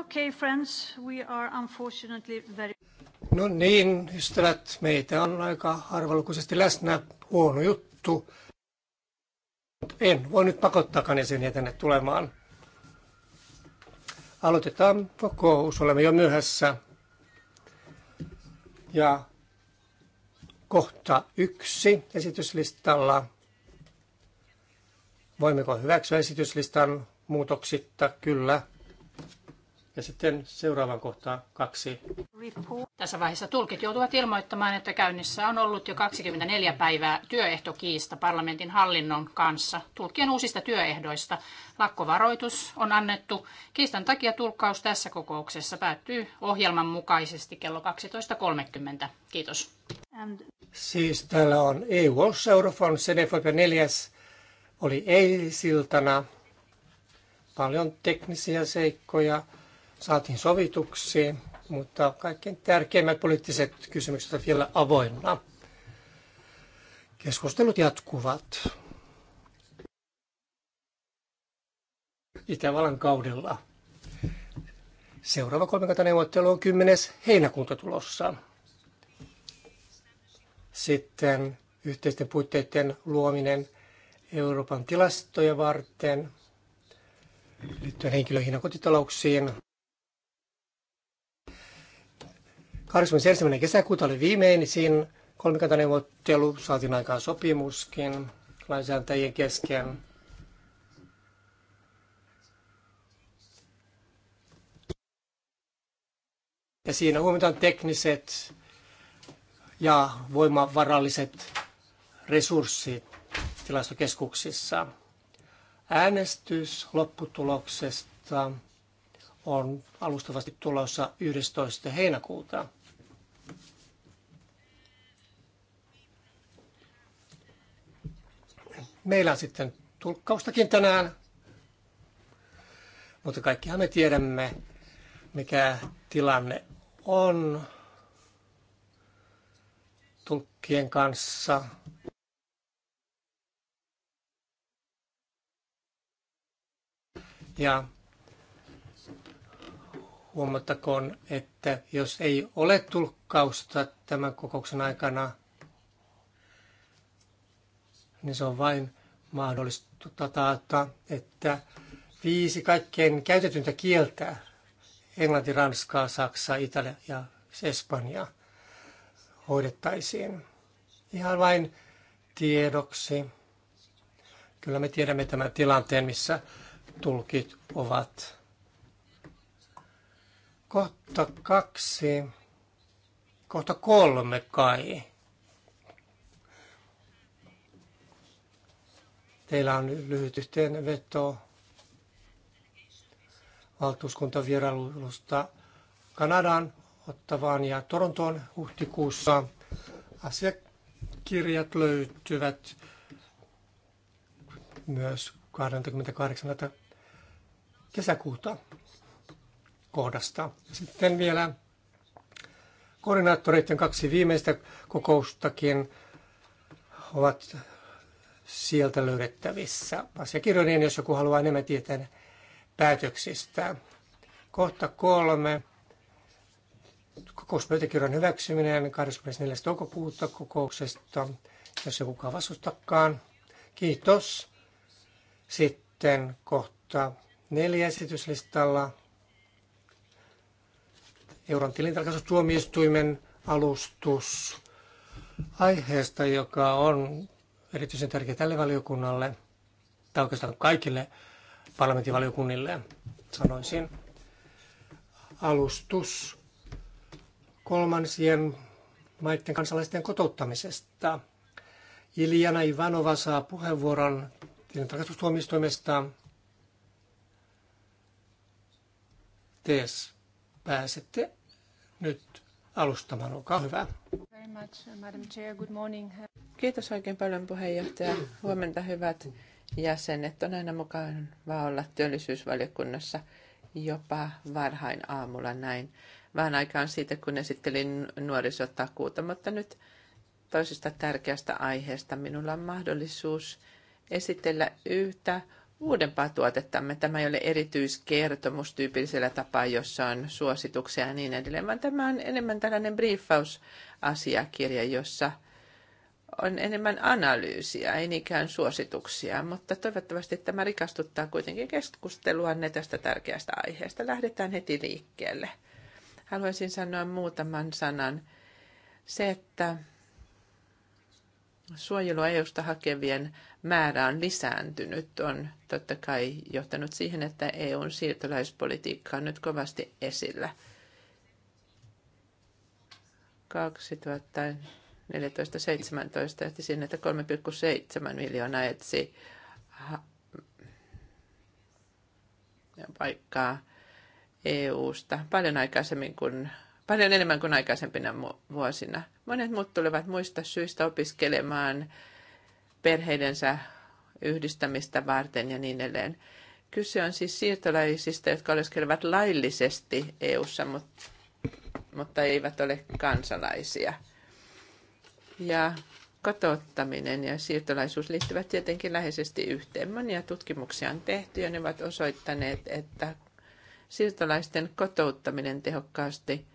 Okay, friends, we are unfortunately very... No niin, ystävät, meitä on aika harvalukuisesti läsnä. Huono juttu. En voi nyt pakottaakaan jäseniä tänne tulemaan. Aloitetaan kokous, olemme jo myöhässä. Ja kohta yksi esityslistalla. Voimmeko hyväksyä esityslistan muutoksitta? Kyllä. Ja sitten seuraavan kohtaan kaksi. Tässä vaiheessa tulkit joutuvat ilmoittamaan, että käynnissä on ollut jo 24 päivää työehtokiista parlamentin hallinnon kanssa tulkien uusista työehdoista. Lakkovaroitus on annettu. Kiistan takia tulkkaus tässä kokouksessa päättyy ohjelman mukaisesti kello 12.30. Kiitos. And... Siis täällä on EU Eurofond, Eurofon neljäs 4. Oli eilisiltana paljon teknisiä seikkoja saatiin sovituksi, mutta kaikkein tärkeimmät poliittiset kysymykset ovat vielä avoinna. Keskustelut jatkuvat. Itävallan kaudella. Seuraava kolmikantaneuvottelu on 10. heinäkuuta tulossa. Sitten yhteisten puitteiden luominen Euroopan tilastoja varten liittyen henkilöihin ja kotitalouksiin. 21. kesäkuuta oli viimeisin kolmikantaneuvottelu, saatiin aikaan sopimuskin lainsäätäjien kesken. Ja siinä huomioidaan tekniset ja voimavaralliset resurssit tilastokeskuksissa. Äänestys lopputuloksesta on alustavasti tulossa 11. heinäkuuta. Meillä on sitten tulkkaustakin tänään, mutta kaikkihan me tiedämme, mikä tilanne on tulkkien kanssa. Ja Huomattakoon, että jos ei ole tulkkausta tämän kokouksen aikana, niin se on vain mahdollista taata, että viisi kaikkein käytetyntä kieltä, englanti, ranskaa, saksa, italia ja espanja, hoidettaisiin. Ihan vain tiedoksi. Kyllä me tiedämme tämän tilanteen, missä tulkit ovat Kohta kaksi. Kohta kolme kai. Teillä on lyhyt yhteenveto valtuuskuntavierailusta Kanadaan, Ottavaan ja Torontoon huhtikuussa. Asiakirjat löytyvät myös 28. kesäkuuta kohdasta. Sitten vielä koordinaattoreiden kaksi viimeistä kokoustakin ovat sieltä löydettävissä asiakirjoineen, jos joku haluaa enemmän tietää päätöksistä. Kohta kolme. Kokouspöytäkirjan hyväksyminen 24. toukokuuta kokouksesta, jos ei kukaan vastustakaan. Kiitos. Sitten kohta neljä esityslistalla euron tilintarkastustuomioistuimen alustus aiheesta, joka on erityisen tärkeä tälle valiokunnalle, tai oikeastaan kaikille parlamenttivaliokunnille, sanoisin. Alustus kolmansien maiden kansalaisten kotouttamisesta. Iljana Ivanova saa puheenvuoron tilintarkastustuomioistuimesta. Tees, pääsette nyt alustamaan. Olkaa hyvä. Kiitos oikein paljon puheenjohtaja. Huomenta hyvät jäsenet. On aina vaan olla työllisyysvaliokunnassa jopa varhain aamulla näin. Vähän aikaan siitä, kun esittelin nuorisotakuuta, mutta nyt toisesta tärkeästä aiheesta minulla on mahdollisuus esitellä yhtä uudempaa tuotettamme. Tämä ei ole erityiskertomus tyypillisellä tapaa, jossa on suosituksia ja niin edelleen, vaan tämä on enemmän tällainen briefausasiakirja, jossa on enemmän analyysiä, ei niinkään suosituksia, mutta toivottavasti tämä rikastuttaa kuitenkin keskustelua tästä tärkeästä aiheesta. Lähdetään heti liikkeelle. Haluaisin sanoa muutaman sanan. Se, että suojelua EUsta hakevien määrä on lisääntynyt, on totta kai johtanut siihen, että EUn siirtolaispolitiikka on nyt kovasti esillä. 2014-2017 johti sinne, että 3,7 miljoonaa etsi paikkaa EUsta paljon aikaisemmin kuin paljon enemmän kuin aikaisempina vuosina. Monet muut tulevat muista syistä opiskelemaan perheidensä yhdistämistä varten ja niin edelleen. Kyse on siis siirtolaisista, jotka oleskelevat laillisesti EU-ssa, mutta eivät ole kansalaisia. Ja kotouttaminen ja siirtolaisuus liittyvät tietenkin läheisesti yhteen. Monia tutkimuksia on tehty ja ne ovat osoittaneet, että siirtolaisten kotouttaminen tehokkaasti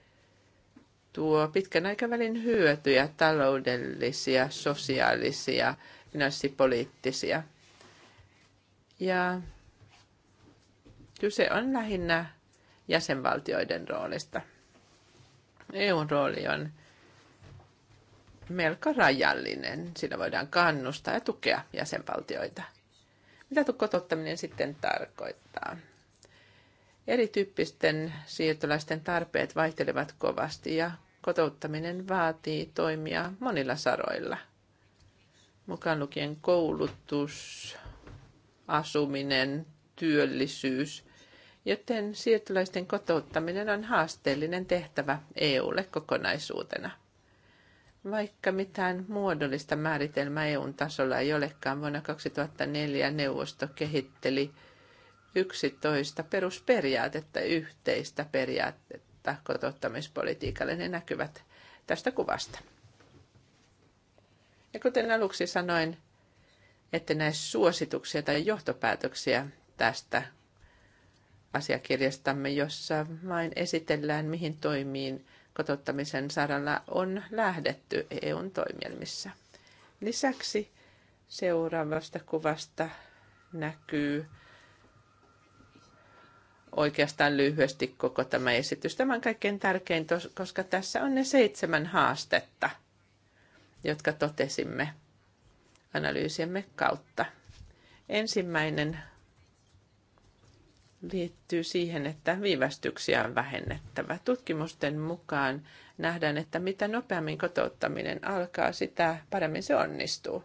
tuo pitkän aikavälin hyötyjä, taloudellisia, sosiaalisia, finanssipoliittisia. Ja kyse on lähinnä jäsenvaltioiden roolista. EUn rooli on melko rajallinen. Sillä voidaan kannustaa ja tukea jäsenvaltioita. Mitä tuo sitten tarkoittaa? Erityyppisten siirtolaisten tarpeet vaihtelevat kovasti ja kotouttaminen vaatii toimia monilla saroilla, mukaan lukien koulutus, asuminen, työllisyys, joten siirtolaisten kotouttaminen on haasteellinen tehtävä EUlle kokonaisuutena. Vaikka mitään muodollista määritelmää EUn tasolla ei olekaan, vuonna 2004 neuvosto kehitteli – 11 perusperiaatetta, yhteistä periaatetta kotouttamispolitiikalle, ne näkyvät tästä kuvasta. Ja kuten aluksi sanoin, että näissä suosituksia tai johtopäätöksiä tästä asiakirjastamme, jossa vain esitellään, mihin toimiin kotouttamisen saralla on lähdetty EUn toimielmissa. Lisäksi seuraavasta kuvasta näkyy oikeastaan lyhyesti koko tämä esitys. Tämä on kaikkein tärkein, koska tässä on ne seitsemän haastetta, jotka totesimme analyysiemme kautta. Ensimmäinen liittyy siihen, että viivästyksiä on vähennettävä. Tutkimusten mukaan nähdään, että mitä nopeammin kotouttaminen alkaa, sitä paremmin se onnistuu.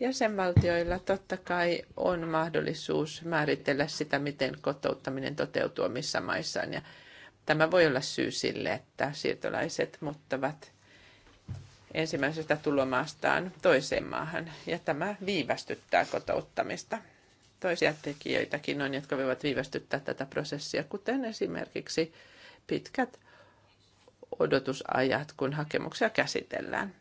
Jäsenvaltioilla totta kai on mahdollisuus määritellä sitä, miten kotouttaminen toteutuu missä maissaan. Ja tämä voi olla syy sille, että siirtolaiset muuttavat ensimmäisestä tulomaastaan toiseen maahan. Ja tämä viivästyttää kotouttamista. Toisia tekijöitäkin on, jotka voivat viivästyttää tätä prosessia, kuten esimerkiksi pitkät odotusajat, kun hakemuksia käsitellään.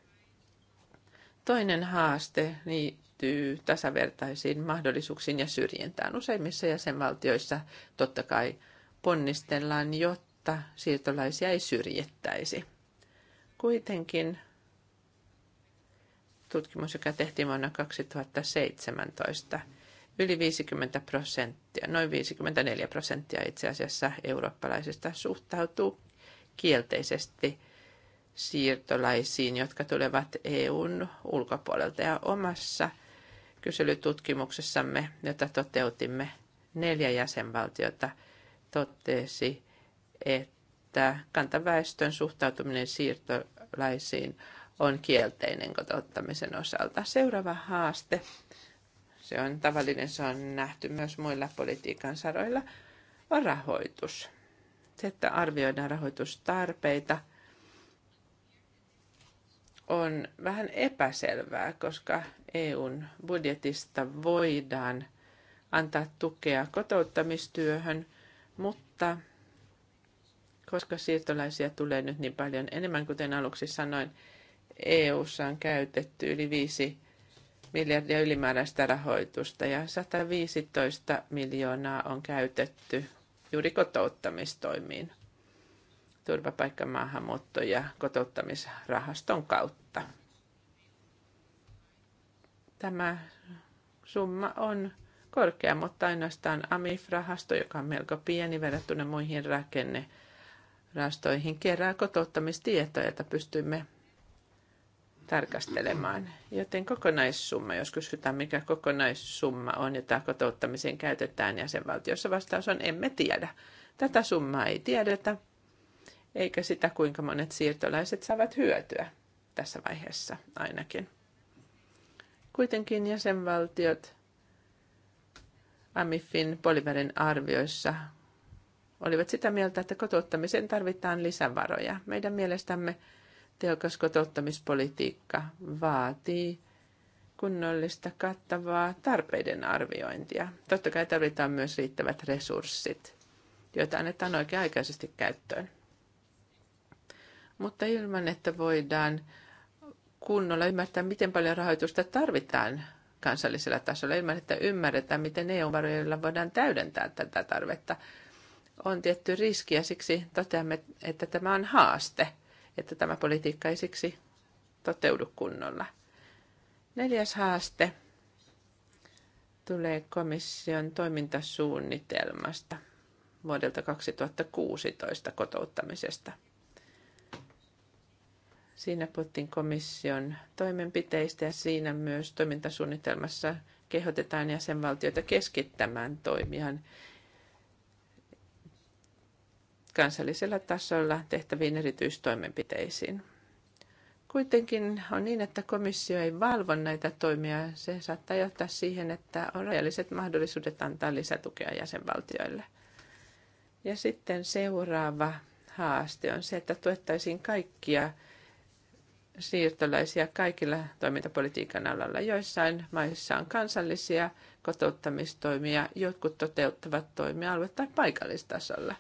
Toinen haaste liittyy tasavertaisiin mahdollisuuksiin ja syrjintään. Useimmissa jäsenvaltioissa totta kai ponnistellaan, jotta siirtolaisia ei syrjittäisi. Kuitenkin tutkimus, joka tehtiin vuonna 2017, yli 50 prosenttia, noin 54 prosenttia itse asiassa eurooppalaisista suhtautuu kielteisesti – siirtolaisiin, jotka tulevat EUn ulkopuolelta. Ja omassa kyselytutkimuksessamme, jota toteutimme, neljä jäsenvaltiota totesi, että kantaväestön suhtautuminen siirtolaisiin on kielteinen kotouttamisen osalta. Seuraava haaste, se on tavallinen, se on nähty myös muilla politiikan saroilla, on rahoitus. Se, että arvioidaan rahoitustarpeita – on vähän epäselvää, koska EUn budjetista voidaan antaa tukea kotouttamistyöhön, mutta koska siirtolaisia tulee nyt niin paljon enemmän, kuten aluksi sanoin, EUssa on käytetty yli 5 miljardia ylimääräistä rahoitusta ja 115 miljoonaa on käytetty juuri kotouttamistoimiin turvapaikka, maahanmuutto ja kotouttamisrahaston kautta. Tämä summa on korkea, mutta ainoastaan AMIF-rahasto, joka on melko pieni verrattuna muihin rakennerastoihin, kerää kotouttamistietoja, joita pystymme tarkastelemaan. Joten kokonaissumma, jos kysytään mikä kokonaissumma on, jota kotouttamiseen käytetään jäsenvaltiossa, vastaus on emme tiedä. Tätä summaa ei tiedetä eikä sitä, kuinka monet siirtolaiset saavat hyötyä tässä vaiheessa ainakin. Kuitenkin jäsenvaltiot AMIFin poliverin arvioissa olivat sitä mieltä, että kotouttamiseen tarvitaan lisävaroja. Meidän mielestämme tehokas kotouttamispolitiikka vaatii kunnollista kattavaa tarpeiden arviointia. Totta kai tarvitaan myös riittävät resurssit, joita annetaan oikea-aikaisesti käyttöön mutta ilman, että voidaan kunnolla ymmärtää, miten paljon rahoitusta tarvitaan kansallisella tasolla, ilman että ymmärretään, miten EU-varoilla voidaan täydentää tätä tarvetta, on tietty riski ja siksi toteamme, että tämä on haaste, että tämä politiikka ei siksi toteudu kunnolla. Neljäs haaste tulee komission toimintasuunnitelmasta vuodelta 2016 kotouttamisesta – Siinä puhuttiin komission toimenpiteistä ja siinä myös toimintasuunnitelmassa kehotetaan jäsenvaltioita keskittämään toimiaan kansallisella tasolla tehtäviin erityistoimenpiteisiin. Kuitenkin on niin, että komissio ei valvo näitä toimia. Se saattaa johtaa siihen, että on rajalliset mahdollisuudet antaa lisätukea jäsenvaltioille. Ja sitten seuraava haaste on se, että tuettaisiin kaikkia siirtolaisia kaikilla toimintapolitiikan alalla. Joissain maissa on kansallisia kotouttamistoimia, jotkut toteuttavat toimia alue- tai paikallistasolla.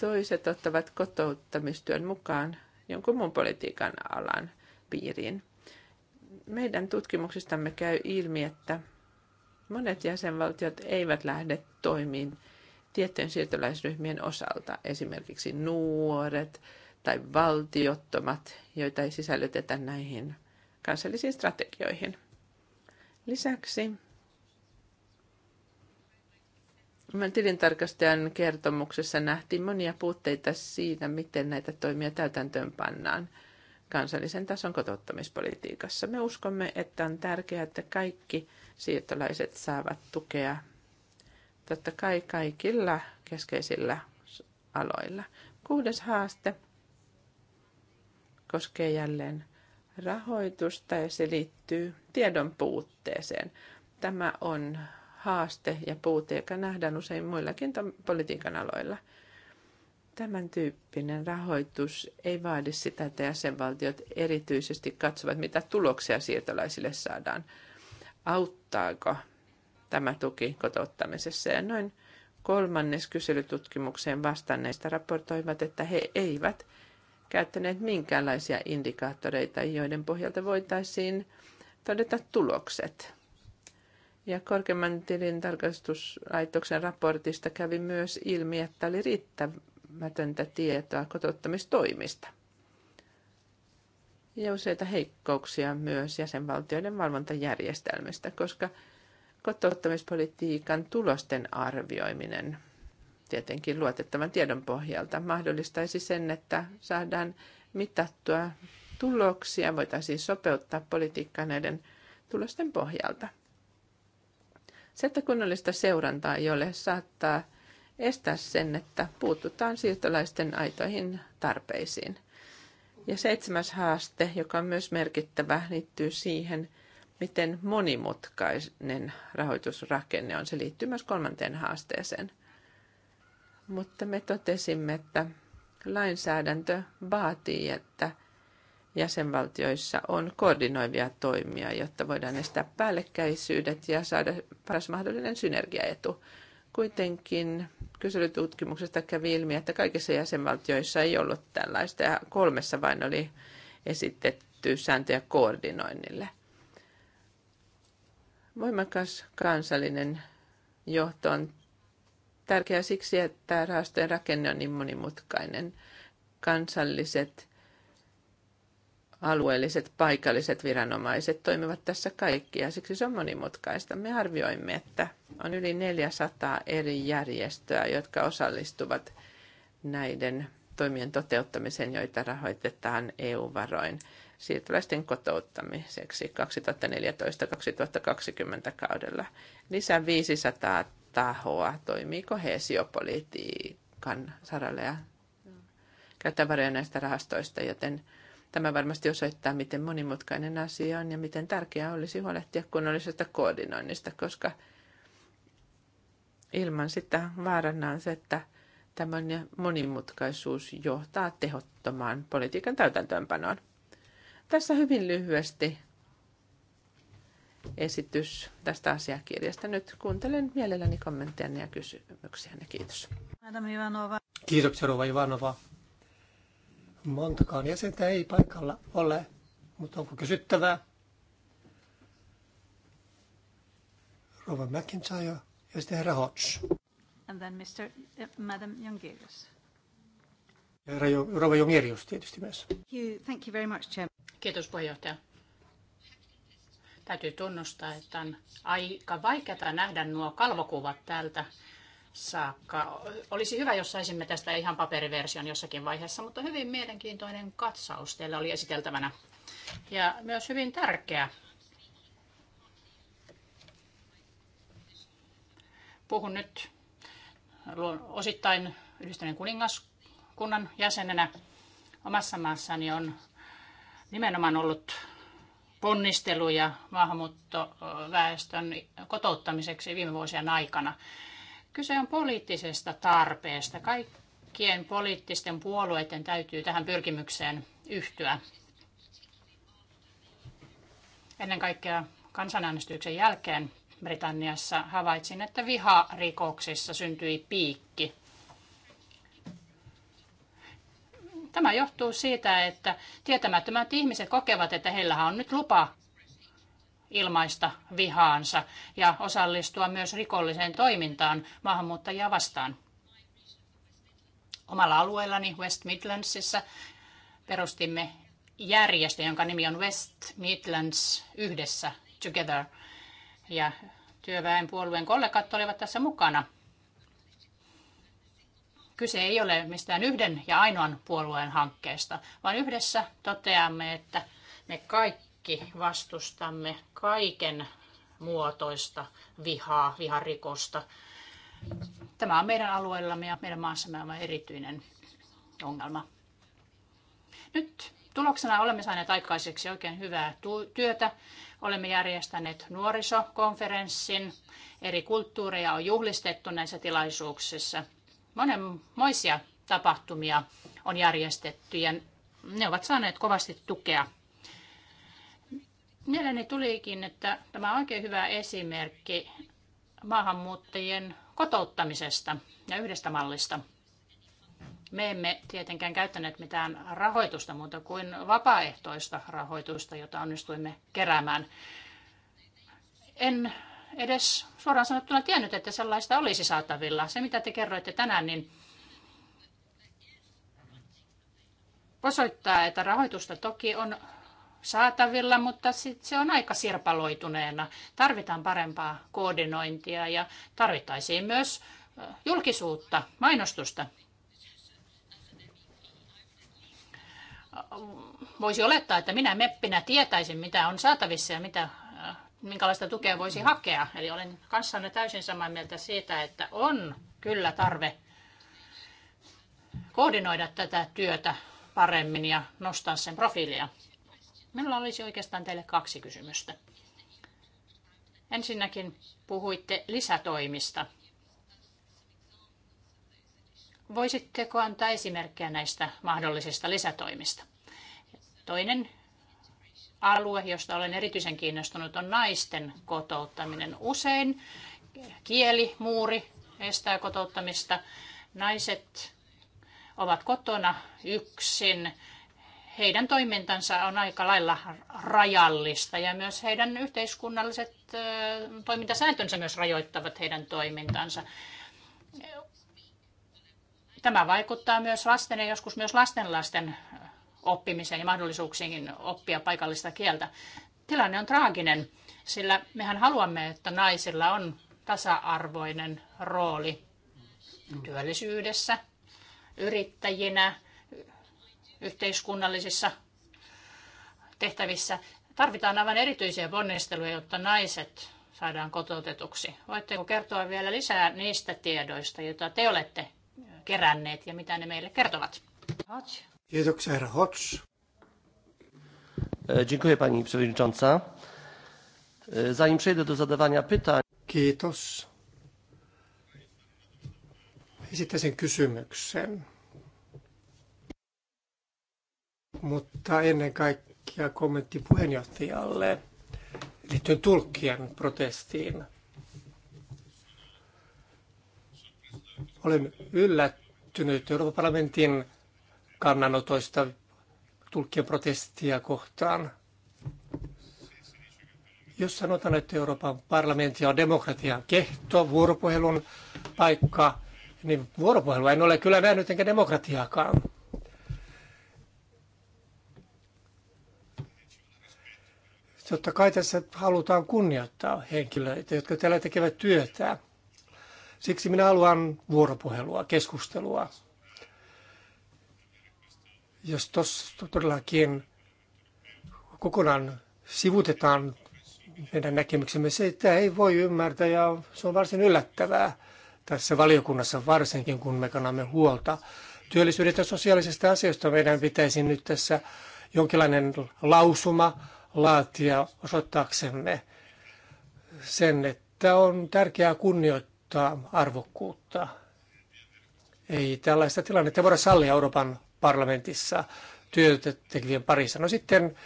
Toiset ottavat kotouttamistyön mukaan jonkun muun politiikan alan piiriin. Meidän tutkimuksistamme käy ilmi, että monet jäsenvaltiot eivät lähde toimiin tiettyjen siirtolaisryhmien osalta, esimerkiksi nuoret, tai valtiottomat, joita ei sisällytetä näihin kansallisiin strategioihin. Lisäksi tilintarkastajan kertomuksessa nähtiin monia puutteita siitä, miten näitä toimia täytäntöön pannaan kansallisen tason kotouttamispolitiikassa. Me uskomme, että on tärkeää, että kaikki siirtolaiset saavat tukea. Totta kai kaikilla keskeisillä aloilla. Kuudes haaste koskee jälleen rahoitusta ja se liittyy tiedon puutteeseen. Tämä on haaste ja puute, joka nähdään usein muillakin politiikan aloilla. Tämän tyyppinen rahoitus ei vaadi sitä, että jäsenvaltiot erityisesti katsovat, mitä tuloksia siirtolaisille saadaan. Auttaako tämä tuki kotouttamisessa? Ja noin kolmannes kyselytutkimukseen vastanneista raportoivat, että he eivät – käyttäneet minkäänlaisia indikaattoreita, joiden pohjalta voitaisiin todeta tulokset. Ja korkeimman tilintarkastuslaitoksen raportista kävi myös ilmi, että oli riittämätöntä tietoa kotouttamistoimista. Ja useita heikkouksia myös jäsenvaltioiden valvontajärjestelmistä, koska kotouttamispolitiikan tulosten arvioiminen – tietenkin luotettavan tiedon pohjalta mahdollistaisi sen, että saadaan mitattua tuloksia, voitaisiin sopeuttaa politiikkaa näiden tulosten pohjalta. Se, että kunnollista seurantaa ei ole, saattaa estää sen, että puututaan siirtolaisten aitoihin tarpeisiin. Ja seitsemäs haaste, joka on myös merkittävä, liittyy siihen, miten monimutkainen rahoitusrakenne on. Se liittyy myös kolmanteen haasteeseen – mutta me totesimme, että lainsäädäntö vaatii, että jäsenvaltioissa on koordinoivia toimia, jotta voidaan estää päällekkäisyydet ja saada paras mahdollinen synergiaetu. Kuitenkin kyselytutkimuksesta kävi ilmi, että kaikissa jäsenvaltioissa ei ollut tällaista ja kolmessa vain oli esitetty sääntöjä koordinoinnille. Voimakas kansallinen johto on tärkeää siksi, että rahastojen rakenne on niin monimutkainen. Kansalliset, alueelliset, paikalliset viranomaiset toimivat tässä kaikki ja siksi se on monimutkaista. Me arvioimme, että on yli 400 eri järjestöä, jotka osallistuvat näiden toimien toteuttamiseen, joita rahoitetaan EU-varoin siirtolaisten kotouttamiseksi 2014-2020 kaudella. Lisää 500 tahoa toimiiko kohesiopolitiikan saralle ja käyttää näistä rahastoista, joten tämä varmasti osoittaa, miten monimutkainen asia on ja miten tärkeää olisi huolehtia kunnollisesta koordinoinnista, koska ilman sitä vaarana on se, että tämä monimutkaisuus johtaa tehottomaan politiikan täytäntöönpanoon. Tässä hyvin lyhyesti esitys tästä asiakirjasta. Nyt kuuntelen mielelläni kommentteja ja kysymyksiä. Kiitos. Ivanova. Kiitoksia, Rova Ivanova. Montakaan jäsentä ei paikalla ole, mutta onko kysyttävää? Rova McIntyre ja sitten herra Hodge. And then Mr. Uh, eh, Madam Jongerius. Herra Rova Jongerius tietysti myös. Thank you, thank you very much, Chair. Kiitos puheenjohtaja. Täytyy tunnustaa, että on aika vaikeaa nähdä nuo kalvokuvat täältä saakka. Olisi hyvä, jos saisimme tästä ihan paperiversion jossakin vaiheessa, mutta hyvin mielenkiintoinen katsaus teillä oli esiteltävänä. Ja myös hyvin tärkeä. Puhun nyt osittain yhdistyneen kuningaskunnan jäsenenä. Omassa maassani on nimenomaan ollut ponnisteluja maahanmuuttoväestön kotouttamiseksi viime vuosien aikana. Kyse on poliittisesta tarpeesta. Kaikkien poliittisten puolueiden täytyy tähän pyrkimykseen yhtyä. Ennen kaikkea kansanäänestyksen jälkeen Britanniassa havaitsin, että viharikoksissa syntyi piikki. Tämä johtuu siitä, että tietämättömät ihmiset kokevat, että heillä on nyt lupa ilmaista vihaansa ja osallistua myös rikolliseen toimintaan maahanmuuttajia vastaan. Omalla alueellani West Midlandsissa perustimme järjestö, jonka nimi on West Midlands yhdessä, Together. Ja työväenpuolueen kollegat olivat tässä mukana. Kyse ei ole mistään yhden ja ainoan puolueen hankkeesta, vaan yhdessä toteamme, että me kaikki vastustamme kaiken muotoista vihaa, viharikosta. Tämä on meidän alueellamme ja meidän maassamme on erityinen ongelma. Nyt tuloksena olemme saaneet aikaiseksi oikein hyvää työtä. Olemme järjestäneet nuorisokonferenssin. Eri kulttuureja on juhlistettu näissä tilaisuuksissa – monenmoisia tapahtumia on järjestetty ja ne ovat saaneet kovasti tukea. Mieleeni tulikin, että tämä on oikein hyvä esimerkki maahanmuuttajien kotouttamisesta ja yhdestä mallista. Me emme tietenkään käyttäneet mitään rahoitusta muuta kuin vapaaehtoista rahoitusta, jota onnistuimme keräämään. En edes suoraan sanottuna tiennyt, että sellaista olisi saatavilla. Se, mitä te kerroitte tänään, niin osoittaa, että rahoitusta toki on saatavilla, mutta sit se on aika sirpaloituneena. Tarvitaan parempaa koordinointia ja tarvittaisiin myös julkisuutta, mainostusta. Voisi olettaa, että minä meppinä tietäisin, mitä on saatavissa ja mitä minkälaista tukea voisi hakea. Eli olen kanssanne täysin samaa mieltä siitä, että on kyllä tarve koordinoida tätä työtä paremmin ja nostaa sen profiilia. Minulla olisi oikeastaan teille kaksi kysymystä. Ensinnäkin puhuitte lisätoimista. Voisitteko antaa esimerkkejä näistä mahdollisista lisätoimista? Toinen alue, josta olen erityisen kiinnostunut, on naisten kotouttaminen. Usein kieli, muuri estää kotouttamista. Naiset ovat kotona yksin. Heidän toimintansa on aika lailla rajallista ja myös heidän yhteiskunnalliset toimintasääntönsä myös rajoittavat heidän toimintansa. Tämä vaikuttaa myös lasten ja joskus myös lastenlasten oppimiseen ja mahdollisuuksiin oppia paikallista kieltä. Tilanne on traaginen, sillä mehän haluamme, että naisilla on tasa-arvoinen rooli työllisyydessä, yrittäjinä, yhteiskunnallisissa tehtävissä. Tarvitaan aivan erityisiä ponnisteluja, jotta naiset saadaan kotoutetuksi. Voitteko kertoa vielä lisää niistä tiedoista, joita te olette keränneet ja mitä ne meille kertovat? Hodge. Kiitoksia, herra Hots. E, dziękuję pani przewodnicząca. E, zanim przejdę do zadawania pytań. Kiitos. Esittäisin kysymyksen. Mutta ennen kaikkea kommentti puheenjohtajalle liittyen tulkkien protestiin. Olen yllättynyt Euroopan parlamentin kannanotoista tulkkien protestia kohtaan. Jos sanotaan, että Euroopan parlamentti on demokratian kehto, vuoropuhelun paikka, niin vuoropuhelua en ole kyllä nähnyt enkä demokratiaakaan. Totta kai tässä halutaan kunnioittaa henkilöitä, jotka täällä tekevät työtä. Siksi minä haluan vuoropuhelua, keskustelua jos tuossa todellakin kokonaan sivutetaan meidän näkemyksemme, se että ei voi ymmärtää ja se on varsin yllättävää tässä valiokunnassa varsinkin, kun me kannamme huolta työllisyydestä ja sosiaalisista asioista. Meidän pitäisi nyt tässä jonkinlainen lausuma laatia osoittaaksemme sen, että on tärkeää kunnioittaa arvokkuutta. Ei tällaista tilannetta voida sallia Euroopan parlamentissa työtä tekevien parissa. No sitten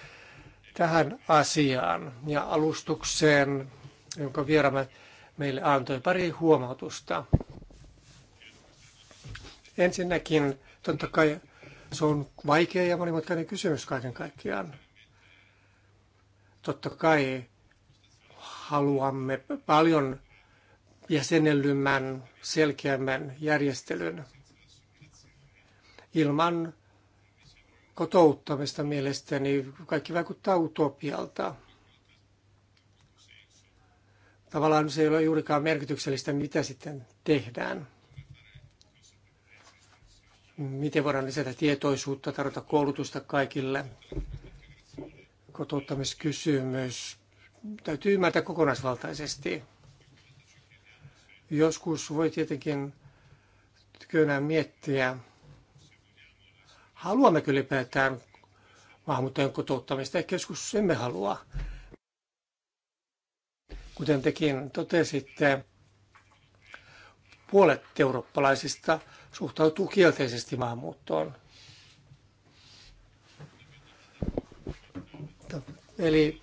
tähän asiaan ja alustukseen, jonka vieramme meille antoi pari huomautusta. Ensinnäkin totta kai se on vaikea ja monimutkainen kysymys kaiken kaikkiaan. Totta kai haluamme paljon jäsenellymmän, selkeämmän järjestelyn Ilman kotouttamista mielestäni kaikki vaikuttaa utopialta. Tavallaan se ei ole juurikaan merkityksellistä, mitä sitten tehdään. Miten voidaan lisätä tietoisuutta, tarjota koulutusta kaikille. Kotouttamiskysymys täytyy ymmärtää kokonaisvaltaisesti. Joskus voi tietenkin kyllä miettiä, haluamme kyllä päättää maahanmuuttajien kotouttamista, ja keskus emme halua. Kuten tekin totesitte, puolet eurooppalaisista suhtautuu kielteisesti maahanmuuttoon. Eli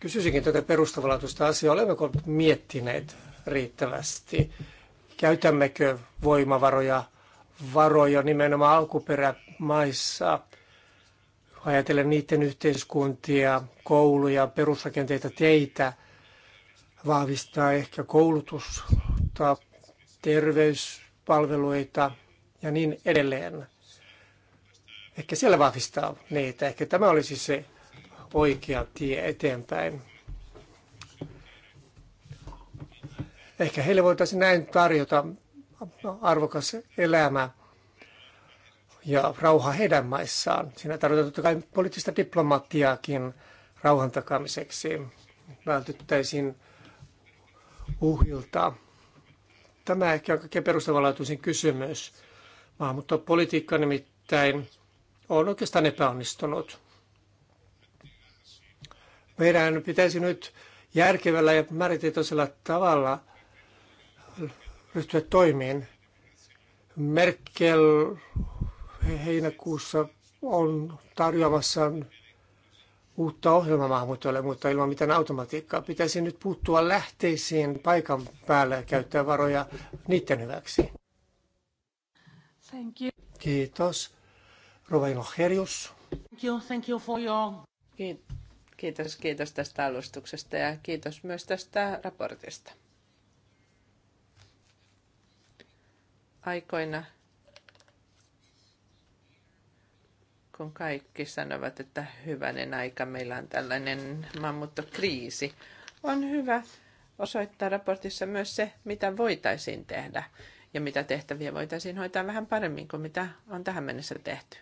kysyisinkin tätä perustavanlaatuista asiaa, olemmeko miettineet riittävästi? Käytämmekö voimavaroja varoja nimenomaan alkuperämaissa. Ajatellen niiden yhteiskuntia, kouluja, perusrakenteita, teitä, vahvistaa ehkä koulutusta, terveyspalveluita ja niin edelleen. Ehkä siellä vahvistaa niitä. Ehkä tämä olisi se oikea tie eteenpäin. Ehkä heille voitaisiin näin tarjota arvokas elämä ja rauha heidän maissaan. Siinä tarvitaan totta kai poliittista diplomatiaakin rauhan takamiseksi. Vältyttäisiin uhilta. Tämä ehkä on kaikkein perustavanlaatuisin kysymys. Maahanmuuttopolitiikka nimittäin on oikeastaan epäonnistunut. Meidän pitäisi nyt järkevällä ja määritietoisella tavalla – ryhtyä toimiin. Merkel heinäkuussa on tarjoamassa uutta ohjelmaa maahanmuuttajille, mutta ilman mitään automatiikkaa. Pitäisi nyt puuttua lähteisiin paikan päälle ja käyttää varoja niiden hyväksi. Thank you. Kiitos. Rova Herjus. Thank you, thank you for your... Kiitos, kiitos tästä alustuksesta ja kiitos myös tästä raportista. aikoina, kun kaikki sanovat, että hyvänen aika, meillä on tällainen kriisi on hyvä osoittaa raportissa myös se, mitä voitaisiin tehdä ja mitä tehtäviä voitaisiin hoitaa vähän paremmin kuin mitä on tähän mennessä tehty.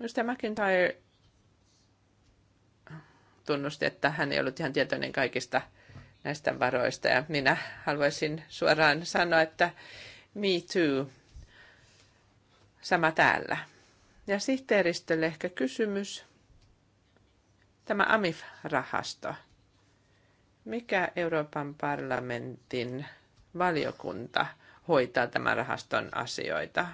Mr. McIntyre tunnusti, että hän ei ollut ihan tietoinen kaikista – näistä varoista. Ja minä haluaisin suoraan sanoa, että me too. Sama täällä. Ja sihteeristölle ehkä kysymys. Tämä AMIF-rahasto. Mikä Euroopan parlamentin valiokunta hoitaa tämän rahaston asioita?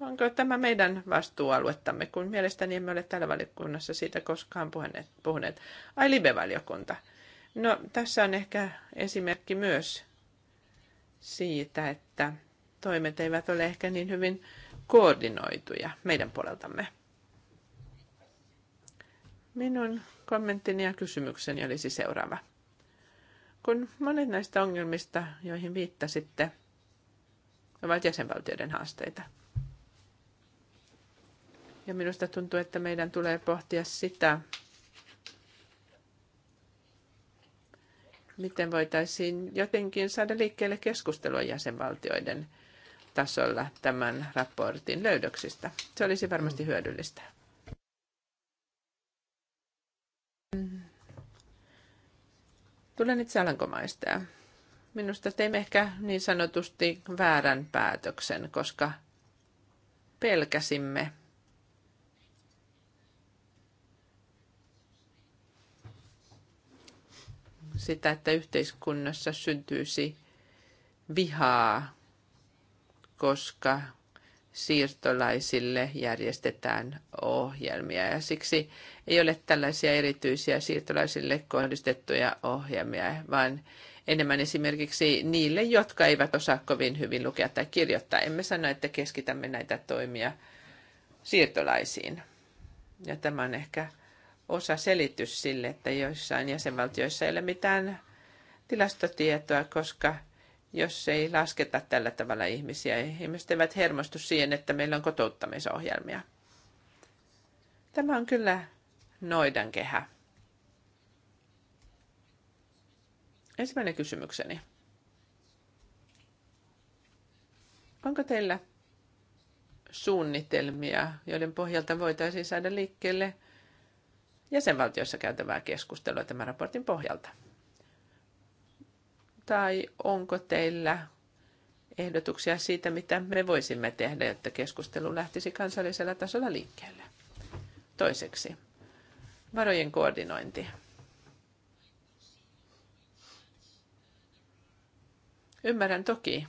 Onko tämä meidän vastuualuettamme, kun mielestäni emme ole täällä valiokunnassa siitä koskaan puhuneet? puhuneet. Ai Libe-valiokunta. No, tässä on ehkä esimerkki myös siitä, että toimet eivät ole ehkä niin hyvin koordinoituja meidän puoleltamme. Minun kommenttini ja kysymykseni olisi seuraava. Kun monet näistä ongelmista, joihin viittasitte, ovat jäsenvaltioiden haasteita. Ja minusta tuntuu, että meidän tulee pohtia sitä, miten voitaisiin jotenkin saada liikkeelle keskustelua jäsenvaltioiden tasolla tämän raportin löydöksistä. Se olisi varmasti hyödyllistä. Tulen itse Alankomaista minusta teimme ehkä niin sanotusti väärän päätöksen, koska pelkäsimme sitä, että yhteiskunnassa syntyisi vihaa, koska siirtolaisille järjestetään ohjelmia. Ja siksi ei ole tällaisia erityisiä siirtolaisille kohdistettuja ohjelmia, vaan enemmän esimerkiksi niille, jotka eivät osaa kovin hyvin lukea tai kirjoittaa. Emme sano, että keskitämme näitä toimia siirtolaisiin. Ja tämä on ehkä osa selitys sille, että joissain jäsenvaltioissa ei ole mitään tilastotietoa, koska jos ei lasketa tällä tavalla ihmisiä, ihmiset eivät hermostu siihen, että meillä on kotouttamisohjelmia. Tämä on kyllä noidankehä. Ensimmäinen kysymykseni. Onko teillä suunnitelmia, joiden pohjalta voitaisiin saada liikkeelle – jäsenvaltioissa käytävää keskustelua tämän raportin pohjalta? Tai onko teillä ehdotuksia siitä, mitä me voisimme tehdä, jotta keskustelu lähtisi kansallisella tasolla liikkeelle? Toiseksi, varojen koordinointi. Ymmärrän toki,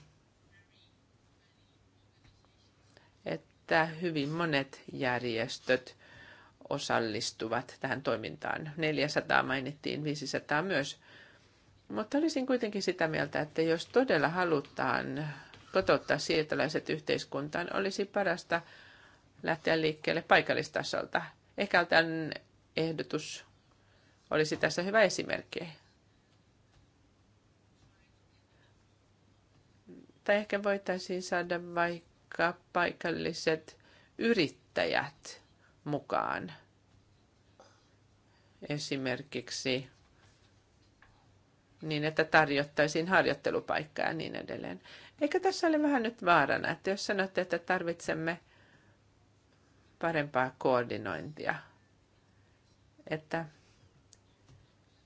että hyvin monet järjestöt osallistuvat tähän toimintaan. 400 mainittiin, 500 myös. Mutta olisin kuitenkin sitä mieltä, että jos todella halutaan kotouttaa siirtolaiset yhteiskuntaan, olisi parasta lähteä liikkeelle paikallistasolta. Ehkä tämän ehdotus olisi tässä hyvä esimerkki. Tai ehkä voitaisiin saada vaikka paikalliset yrittäjät mukaan. Esimerkiksi niin, että tarjottaisiin harjoittelupaikkaa ja niin edelleen. Eikö tässä ole vähän nyt vaarana, että jos sanotte, että tarvitsemme parempaa koordinointia, että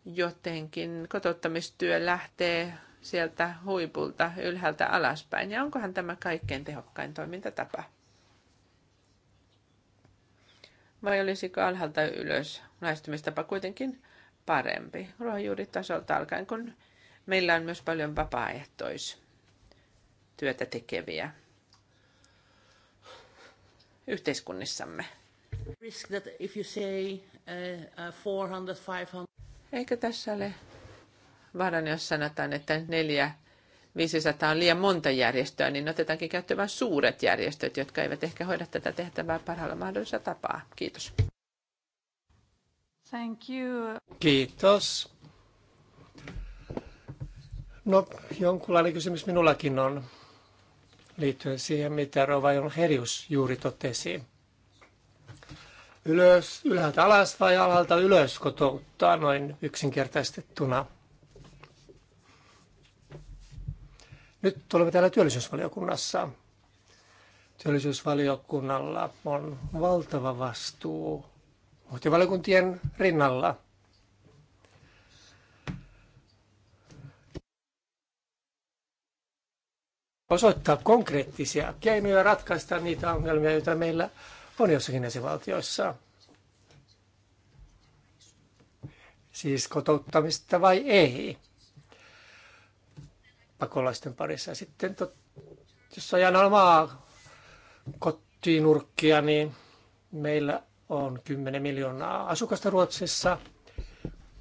jotenkin kotouttamistyö lähtee sieltä huipulta ylhäältä alaspäin. Ja onkohan tämä kaikkein tehokkain toimintatapa? vai olisiko alhaalta ylös lähestymistapa kuitenkin parempi ruohonjuuritasolta alkaen, kun meillä on myös paljon vapaaehtoistyötä tekeviä yhteiskunnissamme. Risk that if you say, uh, 400, uh, 500... Eikö tässä ole vaaran, jos sanotaan, että neljä 500 niin siis, on liian monta järjestöä, niin otetaankin käyttöön vain suuret järjestöt, jotka eivät ehkä hoida tätä tehtävää parhaalla mahdollisella tapaa. Kiitos. Thank you. Kiitos. No, jonkunlainen kysymys minullakin on liittyen siihen, mitä Rovajon Herius juuri totesi. Ylös, ylhäältä alas vai alalta ylös kotouttaa noin yksinkertaistettuna. Nyt olemme täällä työllisyysvaliokunnassa. Työllisyysvaliokunnalla on valtava vastuu muhtivaliokuntien rinnalla. Osoittaa konkreettisia keinoja ratkaista niitä ongelmia, joita meillä on jossakin esivaltioissa. Siis kotouttamista vai ei? pakolaisten parissa. Ja sitten tot, jos ajan omaa kotinurkkia, niin meillä on 10 miljoonaa asukasta Ruotsissa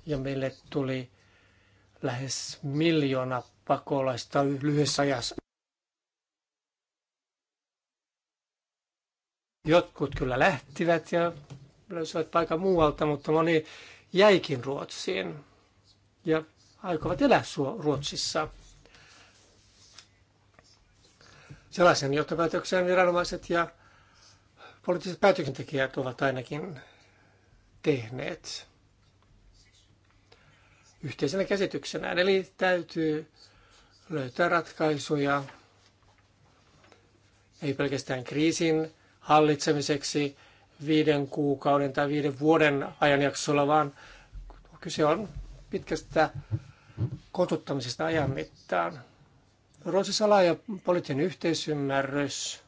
ja meille tuli lähes miljoona pakolaista lyhyessä ajassa. Jotkut kyllä lähtivät ja löysivät paikan muualta, mutta moni jäikin Ruotsiin ja aikovat elää Ruotsissa. Sellaisen johtopäätöksen viranomaiset ja poliittiset päätöksentekijät ovat ainakin tehneet yhteisenä käsityksenään. Eli täytyy löytää ratkaisuja ei pelkästään kriisin hallitsemiseksi viiden kuukauden tai viiden vuoden ajanjaksolla, vaan kyse on pitkästä kotuttamisesta ajan mittaan. Ruotsissa laaja poliittinen yhteisymmärrys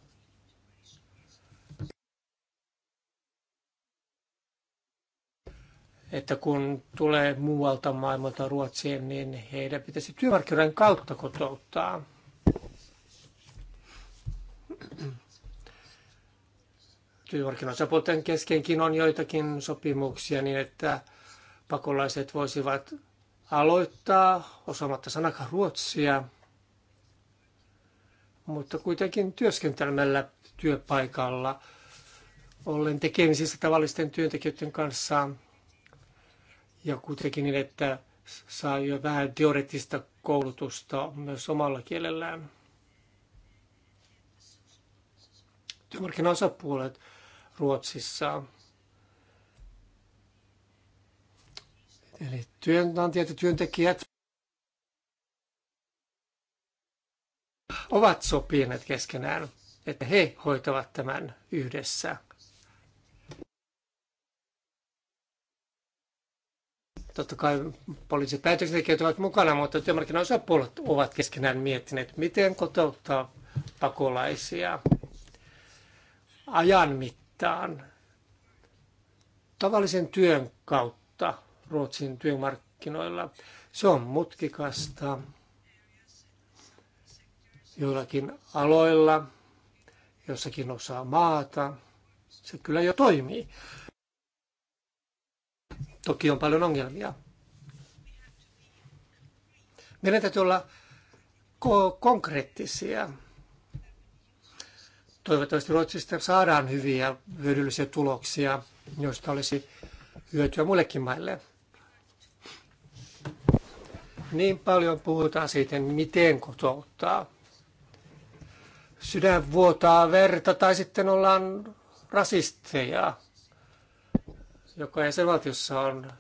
että kun tulee muualta maailmalta Ruotsiin, niin heidän pitäisi työmarkkinoiden kautta kotouttaa. Työmarkkinoiden keskenkin on joitakin sopimuksia niin, että pakolaiset voisivat aloittaa osaamatta sanakaan ruotsia – mutta kuitenkin työskentelemällä työpaikalla, ollen tekemisissä tavallisten työntekijöiden kanssa ja kuitenkin niin, että saa jo vähän teoreettista koulutusta myös omalla kielellään. Työmarkkinaosapuolet Ruotsissa Eli työnantajat ja työntekijät ovat sopineet keskenään, että he hoitavat tämän yhdessä. Totta kai poliisin päätöksentekijät ovat mukana, mutta työmarkkinaosapuolet ovat keskenään miettineet, miten kotouttaa pakolaisia ajan mittaan tavallisen työn kautta Ruotsin työmarkkinoilla. Se on mutkikasta, joillakin aloilla, jossakin osaa maata, se kyllä jo toimii. Toki on paljon ongelmia. Meidän täytyy olla ko- konkreettisia. Toivottavasti Ruotsista saadaan hyviä hyödyllisiä tuloksia, joista olisi hyötyä muillekin maille. Niin paljon puhutaan siitä, miten kotouttaa sydän vuotaa verta tai sitten ollaan rasisteja, joka jäsenvaltiossa on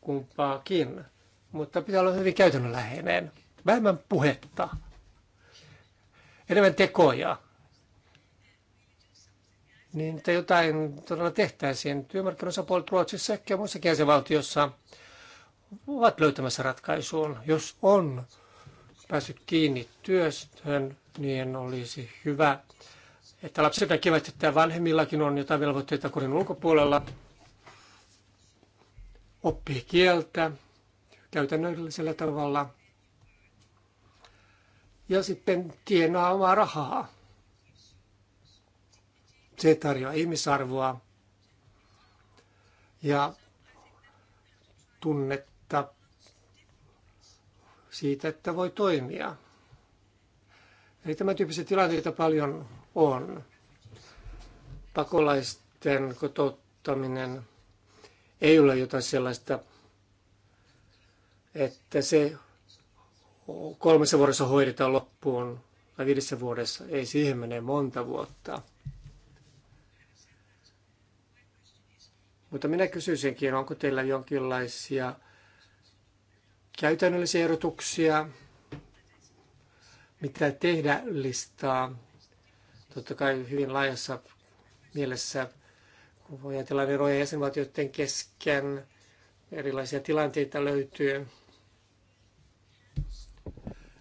kumpaakin. Mutta pitää olla hyvin käytännönläheinen. Vähemmän puhetta. Enemmän tekoja. Niin että jotain todella tehtäisiin. Työmarkkinosapuolet Ruotsissa ja muissakin jäsenvaltiossa ovat löytämässä ratkaisuun, jos on päässyt kiinni työstön niin olisi hyvä, että lapset näkevät, että vanhemmillakin on jotain velvoitteita kodin ulkopuolella. Oppii kieltä käytännöllisellä tavalla. Ja sitten tienaa omaa rahaa. Se tarjoaa ihmisarvoa ja tunnetta siitä, että voi toimia. Eli tämän tyyppisiä tilanteita paljon on. Pakolaisten kotouttaminen ei ole jotain sellaista, että se kolmessa vuodessa hoidetaan loppuun tai viidessä vuodessa. Ei siihen mene monta vuotta. Mutta minä kysyisinkin, onko teillä jonkinlaisia käytännöllisiä erotuksia mitä tehdä listaa. Totta kai hyvin laajassa mielessä, kun voi ajatella eroja niin jäsenvaltioiden kesken, erilaisia tilanteita löytyy,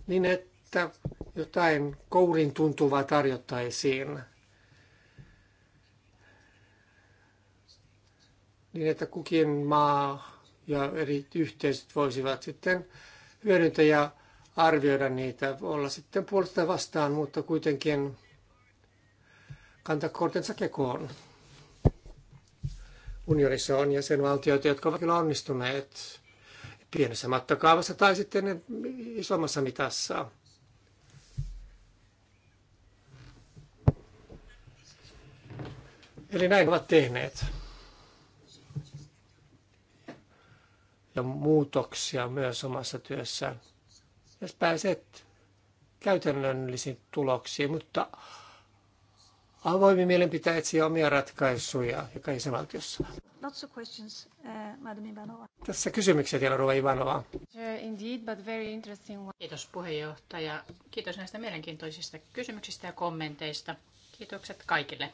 niin että jotain kourin tuntuvaa tarjottaisiin. Niin että kukin maa ja eri yhteisöt voisivat sitten hyödyntää ja arvioida niitä, olla sitten puolesta vastaan, mutta kuitenkin kantaa kortensa kekoon. Unionissa on jäsenvaltioita, jotka ovat kyllä onnistuneet pienessä mattakaavassa tai sitten isommassa mitassa. Eli näin ovat tehneet. Ja muutoksia myös omassa työssään jos pääset käytännöllisiin tuloksiin, mutta avoimin mielen pitää etsiä omia ratkaisuja joka jäsenvaltiossa. Lots of questions, uh, Ivanova. Tässä kysymyksiä vielä Rova Ivanova. Indeed, but very interesting one. Kiitos puheenjohtaja. Kiitos näistä mielenkiintoisista kysymyksistä ja kommenteista. Kiitokset kaikille.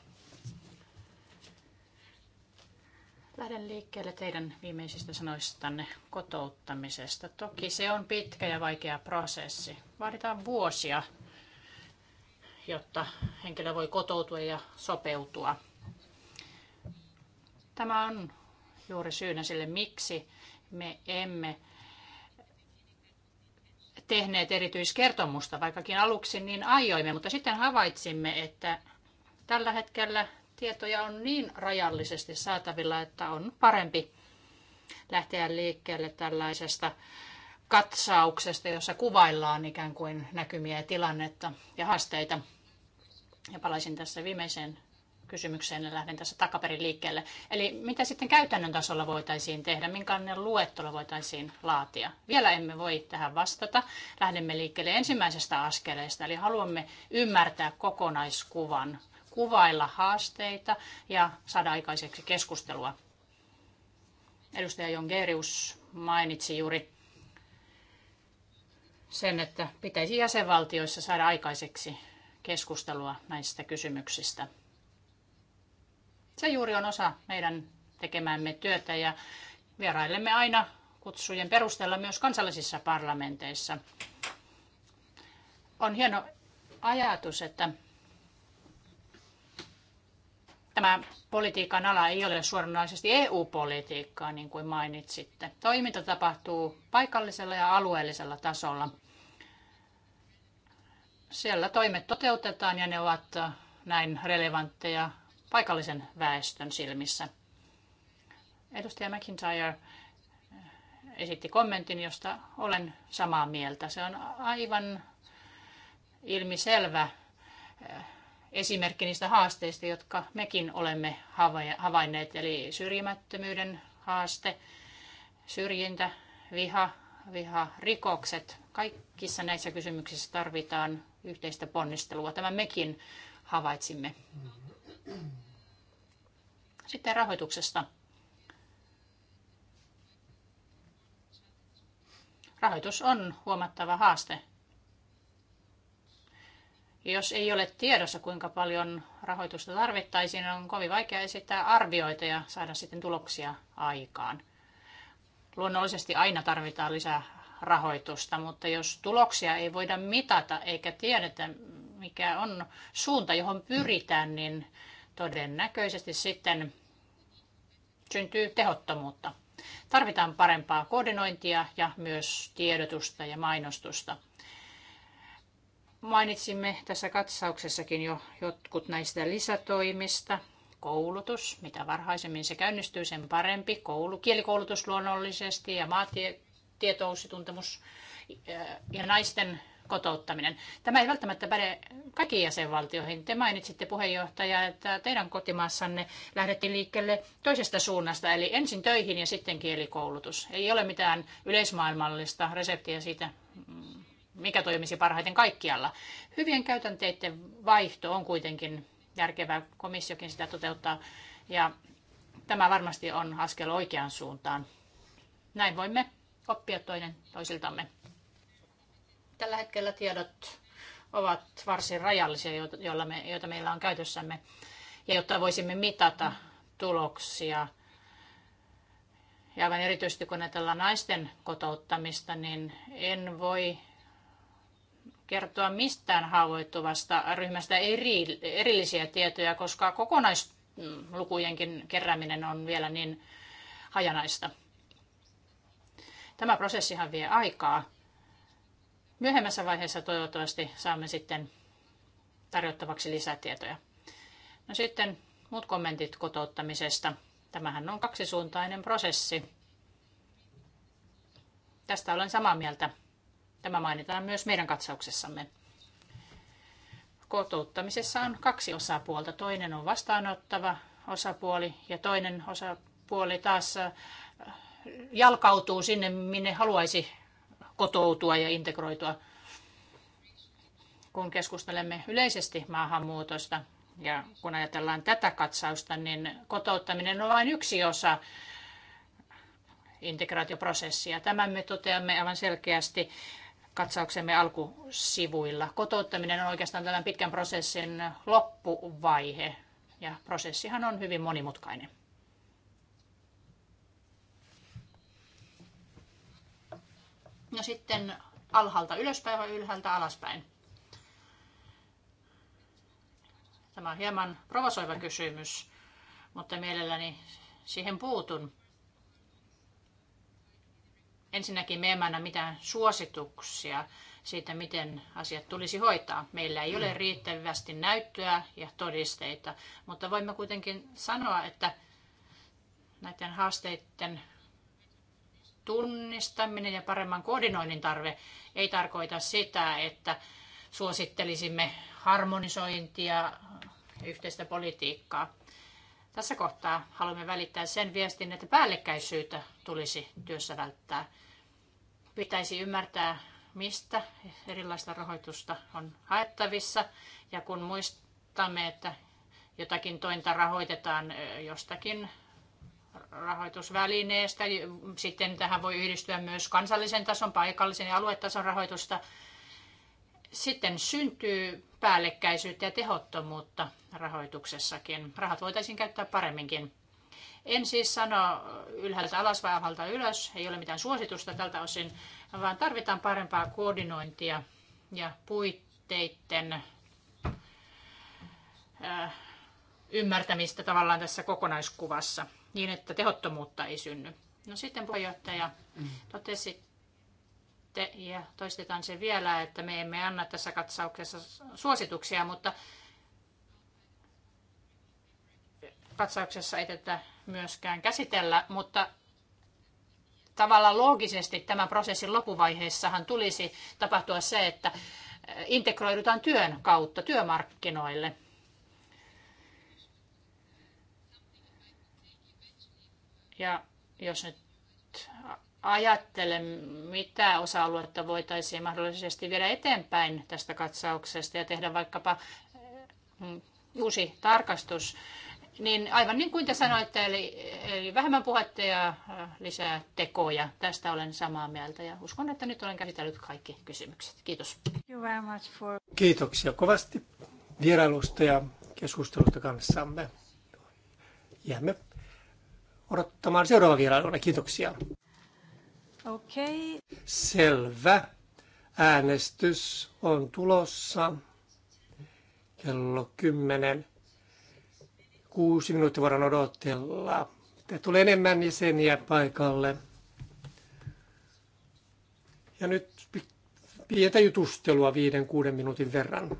Lähden liikkeelle teidän viimeisistä sanoistanne kotouttamisesta. Toki se on pitkä ja vaikea prosessi. Vaaditaan vuosia, jotta henkilö voi kotoutua ja sopeutua. Tämä on juuri syynä sille, miksi me emme tehneet erityiskertomusta, vaikkakin aluksi niin ajoimme, mutta sitten havaitsimme, että tällä hetkellä tietoja on niin rajallisesti saatavilla, että on parempi lähteä liikkeelle tällaisesta katsauksesta, jossa kuvaillaan ikään kuin näkymiä ja tilannetta ja haasteita. Ja palaisin tässä viimeiseen kysymykseen ja lähden tässä takaperin liikkeelle. Eli mitä sitten käytännön tasolla voitaisiin tehdä, minkälainen luettelo voitaisiin laatia? Vielä emme voi tähän vastata. Lähdemme liikkeelle ensimmäisestä askeleesta, eli haluamme ymmärtää kokonaiskuvan kuvailla haasteita ja saada aikaiseksi keskustelua. Edustaja Jongerius mainitsi juuri sen, että pitäisi jäsenvaltioissa saada aikaiseksi keskustelua näistä kysymyksistä. Se juuri on osa meidän tekemämme työtä ja vierailemme aina kutsujen perusteella myös kansallisissa parlamenteissa. On hieno ajatus, että Tämä politiikan ala ei ole suoranaisesti EU-politiikkaa, niin kuin mainitsitte. Toiminta tapahtuu paikallisella ja alueellisella tasolla. Siellä toimet toteutetaan ja ne ovat näin relevantteja paikallisen väestön silmissä. Edustaja McIntyre esitti kommentin, josta olen samaa mieltä. Se on aivan ilmiselvä esimerkki niistä haasteista, jotka mekin olemme havainneet, eli syrjimättömyyden haaste, syrjintä, viha, viha, rikokset. Kaikissa näissä kysymyksissä tarvitaan yhteistä ponnistelua. Tämä mekin havaitsimme. Sitten rahoituksesta. Rahoitus on huomattava haaste ja jos ei ole tiedossa, kuinka paljon rahoitusta tarvittaisiin, niin on kovin vaikea esittää arvioita ja saada sitten tuloksia aikaan. Luonnollisesti aina tarvitaan lisää rahoitusta, mutta jos tuloksia ei voida mitata eikä tiedetä, mikä on suunta, johon pyritään, niin todennäköisesti sitten syntyy tehottomuutta. Tarvitaan parempaa koordinointia ja myös tiedotusta ja mainostusta. Mainitsimme tässä katsauksessakin jo jotkut näistä lisätoimista. Koulutus, mitä varhaisemmin se käynnistyy, sen parempi. Koulu, kielikoulutus luonnollisesti ja maatietousituntemus äh, ja naisten kotouttaminen. Tämä ei välttämättä päde kaikkiin jäsenvaltioihin. Te mainitsitte puheenjohtaja, että teidän kotimaassanne lähdettiin liikkeelle toisesta suunnasta, eli ensin töihin ja sitten kielikoulutus. Ei ole mitään yleismaailmallista reseptiä siitä, mm, mikä toimisi parhaiten kaikkialla. Hyvien käytänteiden vaihto on kuitenkin järkevää, komissiokin sitä toteuttaa, ja tämä varmasti on askel oikeaan suuntaan. Näin voimme oppia toinen toisiltamme. Tällä hetkellä tiedot ovat varsin rajallisia, joilla me, joita meillä on käytössämme. Ja jotta voisimme mitata tuloksia, ja aivan erityisesti kun ajatellaan naisten kotouttamista, niin en voi kertoa mistään haavoittuvasta ryhmästä eri, erillisiä tietoja, koska kokonaislukujenkin kerääminen on vielä niin hajanaista. Tämä prosessihan vie aikaa. Myöhemmässä vaiheessa toivottavasti saamme sitten tarjottavaksi lisätietoja. No sitten muut kommentit kotouttamisesta. Tämähän on kaksisuuntainen prosessi. Tästä olen samaa mieltä Tämä mainitaan myös meidän katsauksessamme. Kotouttamisessa on kaksi osapuolta. Toinen on vastaanottava osapuoli ja toinen osapuoli taas äh, jalkautuu sinne, minne haluaisi kotoutua ja integroitua. Kun keskustelemme yleisesti maahanmuutosta ja kun ajatellaan tätä katsausta, niin kotouttaminen on vain yksi osa integraatioprosessia. Tämän me toteamme aivan selkeästi katsauksemme alkusivuilla. Kotouttaminen on oikeastaan tämän pitkän prosessin loppuvaihe ja prosessihan on hyvin monimutkainen. No sitten alhaalta ylöspäin vai ylhäältä alaspäin? Tämä on hieman provosoiva kysymys, mutta mielelläni siihen puutun. Ensinnäkin me emme anna mitään suosituksia siitä, miten asiat tulisi hoitaa. Meillä ei ole riittävästi näyttöä ja todisteita, mutta voimme kuitenkin sanoa, että näiden haasteiden tunnistaminen ja paremman koordinoinnin tarve ei tarkoita sitä, että suosittelisimme harmonisointia yhteistä politiikkaa. Tässä kohtaa haluamme välittää sen viestin, että päällekkäisyyttä tulisi työssä välttää. Pitäisi ymmärtää, mistä erilaista rahoitusta on haettavissa. Ja kun muistamme, että jotakin tointa rahoitetaan jostakin rahoitusvälineestä. Niin sitten tähän voi yhdistyä myös kansallisen tason, paikallisen ja aluetason rahoitusta. Sitten syntyy päällekkäisyyttä ja tehottomuutta rahoituksessakin. Rahat voitaisiin käyttää paremminkin. En siis sano ylhäältä alas vai alhaalta ylös, ei ole mitään suositusta tältä osin, vaan tarvitaan parempaa koordinointia ja puitteiden äh, ymmärtämistä tavallaan tässä kokonaiskuvassa niin, että tehottomuutta ei synny. No sitten puheenjohtaja totesi, ja toistetaan se vielä, että me emme anna tässä katsauksessa suosituksia, mutta katsauksessa ei tätä myöskään käsitellä, mutta tavallaan loogisesti tämän prosessin lopuvaiheessahan tulisi tapahtua se, että integroidutaan työn kautta työmarkkinoille. Ja jos nyt ajattelen, mitä osa-aluetta voitaisiin mahdollisesti viedä eteenpäin tästä katsauksesta ja tehdä vaikkapa mm, uusi tarkastus, niin aivan niin kuin te sanoitte, eli, eli vähemmän puhetta ja lisää tekoja. Tästä olen samaa mieltä ja uskon, että nyt olen käsitellyt kaikki kysymykset. Kiitos. Kiitoksia kovasti vierailusta ja keskustelusta kanssamme. Jäämme odottamaan seuraavaa vierailua. Kiitoksia. Okay. Selvä. Äänestys on tulossa kello 10 kuusi minuuttia voidaan odotella. Tämä tulee enemmän jäseniä paikalle. Ja nyt pientä jutustelua viiden kuuden minuutin verran.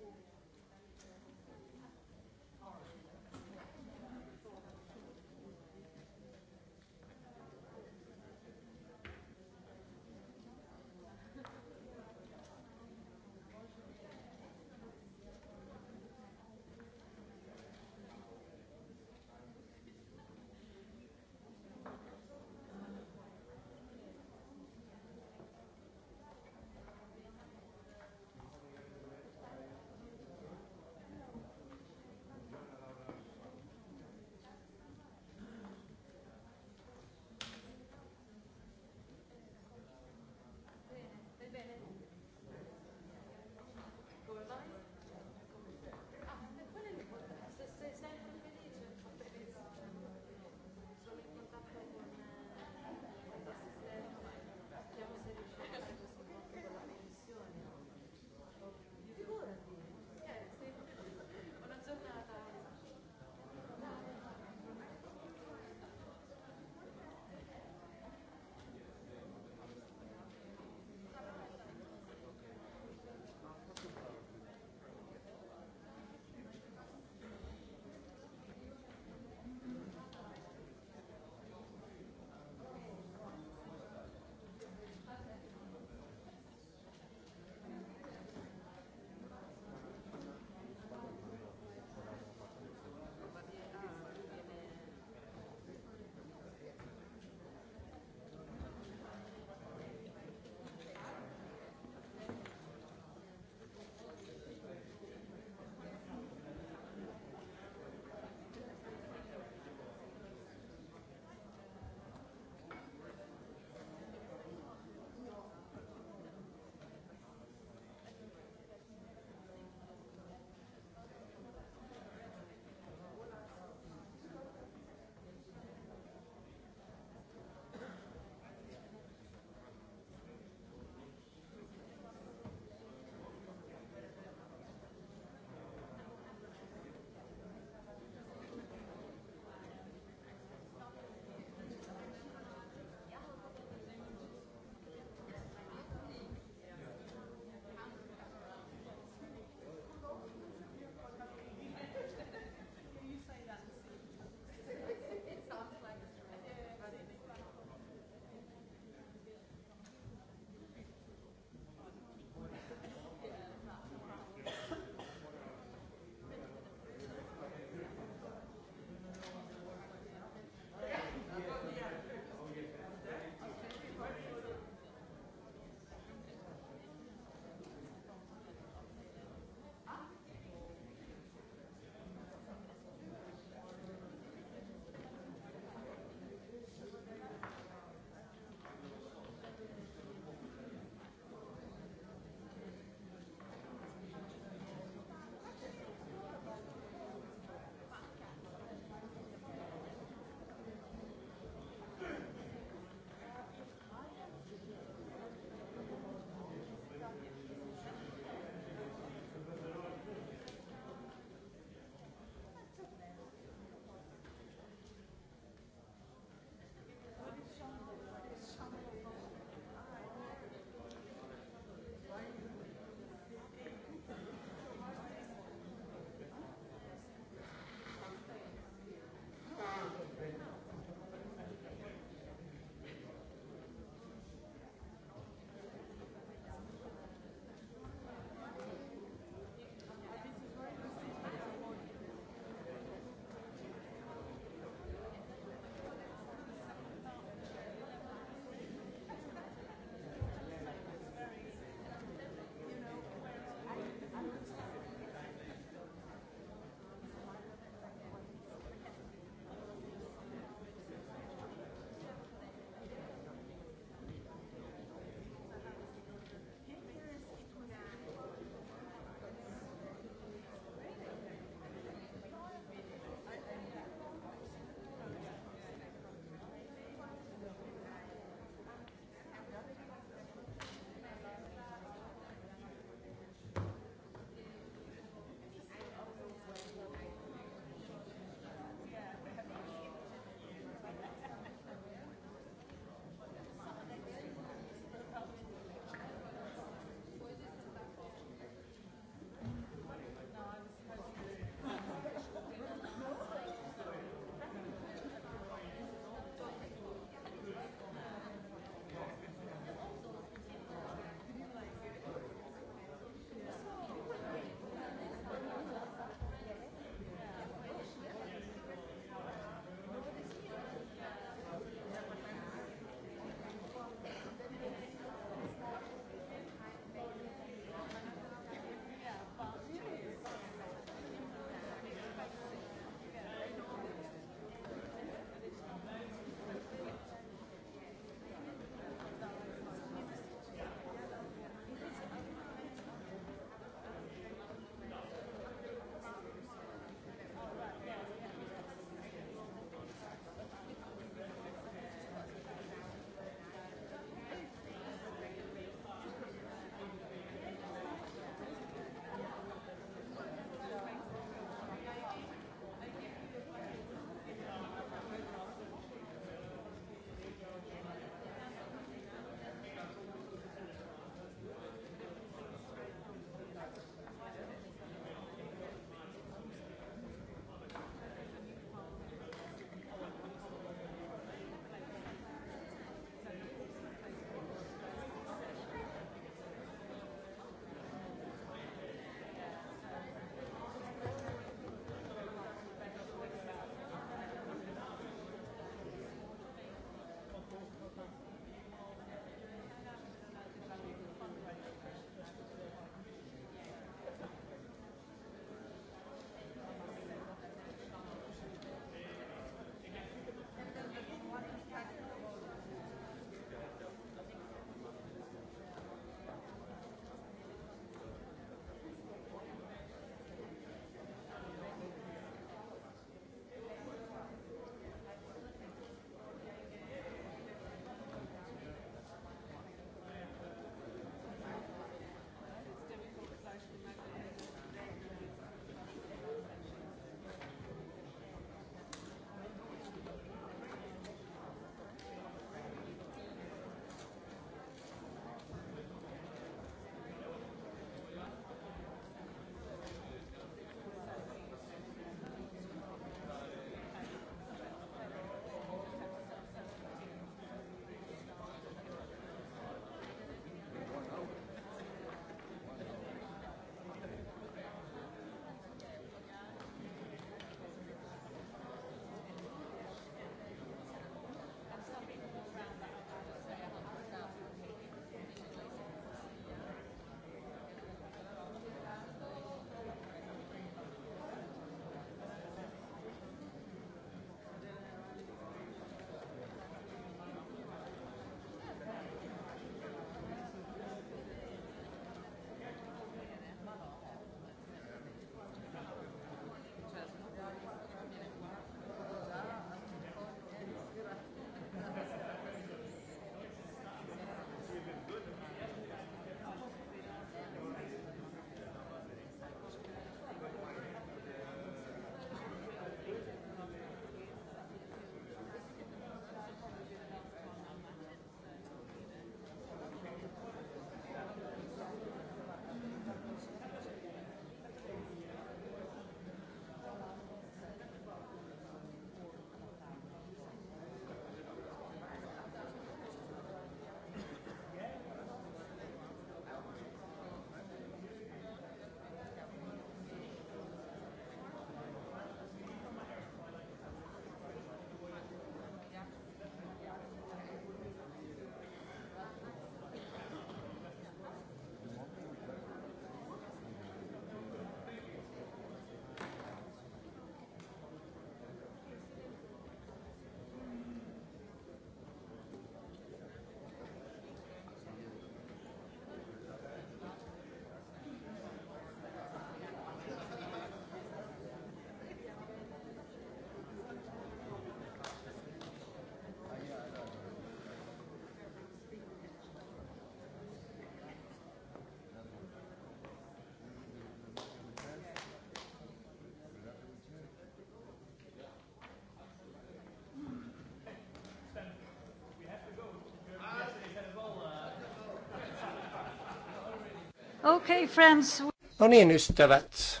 Okay, friends. No niin, ystävät.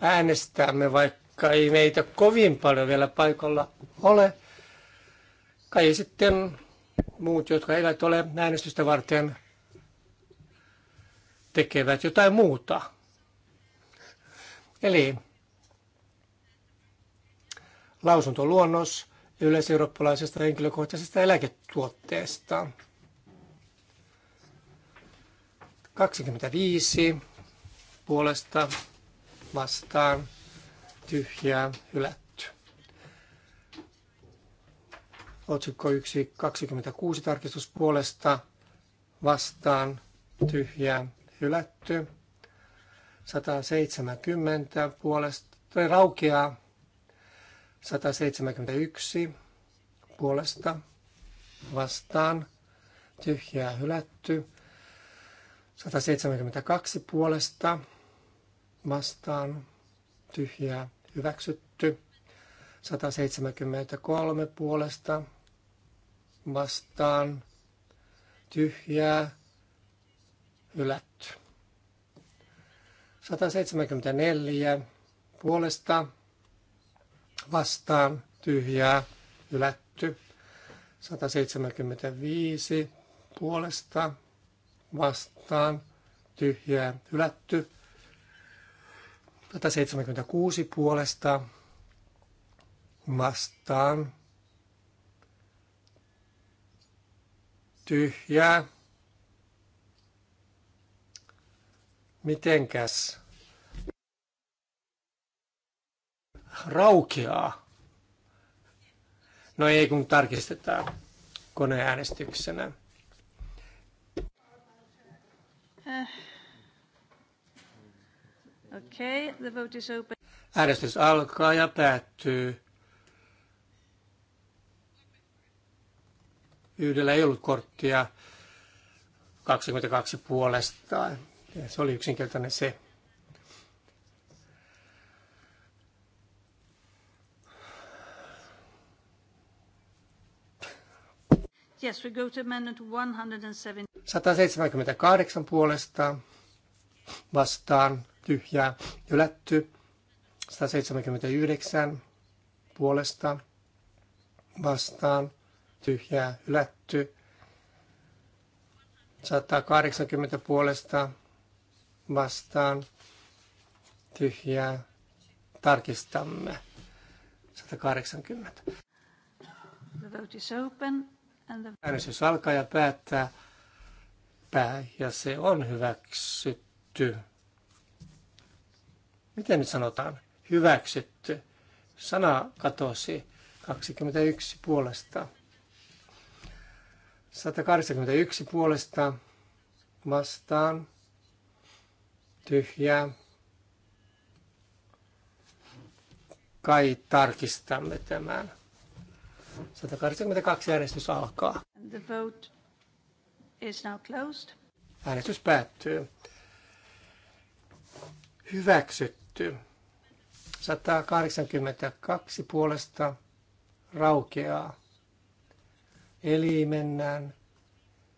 Äänestämme, vaikka ei meitä kovin paljon vielä paikalla ole. Kai sitten muut, jotka eivät ole äänestystä varten, tekevät jotain muuta. Eli lausuntoluonnos yleiseurooppalaisesta henkilökohtaisesta eläketuotteesta. 25 puolesta vastaan tyhjää hylätty. Otsikko 1, 26 tarkistus puolesta vastaan tyhjää hylätty. 170 puolesta, raukeaa 171 puolesta vastaan tyhjää hylätty. 172 puolesta vastaan tyhjää hyväksytty. 173 puolesta vastaan tyhjää hylätty. 174 puolesta vastaan tyhjää hylätty. 175 puolesta vastaan tyhjää hylätty. 176 puolesta vastaan tyhjää. Mitenkäs? Raukeaa. No ei kun tarkistetaan koneäänestyksenä. Okay, the vote is open. Äänestys alkaa ja päättyy. Yhdellä ei ollut korttia 22 puolestaan. Ja se oli yksinkertainen se. Yes, we go to amendment 178 puolesta vastaan tyhjää hylätty. 179 puolesta vastaan tyhjää hylätty. 180 puolesta vastaan tyhjää tarkistamme. 180. The vote is open and the... Äänestys alkaa ja päättää pää ja se on hyväksytty. Miten nyt sanotaan? Hyväksytty. Sana katosi 21 puolesta. 181 puolesta vastaan. Tyhjää. Kai tarkistamme tämän. 182 äänestys alkaa. The vote is now closed. Äänestys päättyy. Hyväksytty hylätty. 182 puolesta raukeaa. Eli mennään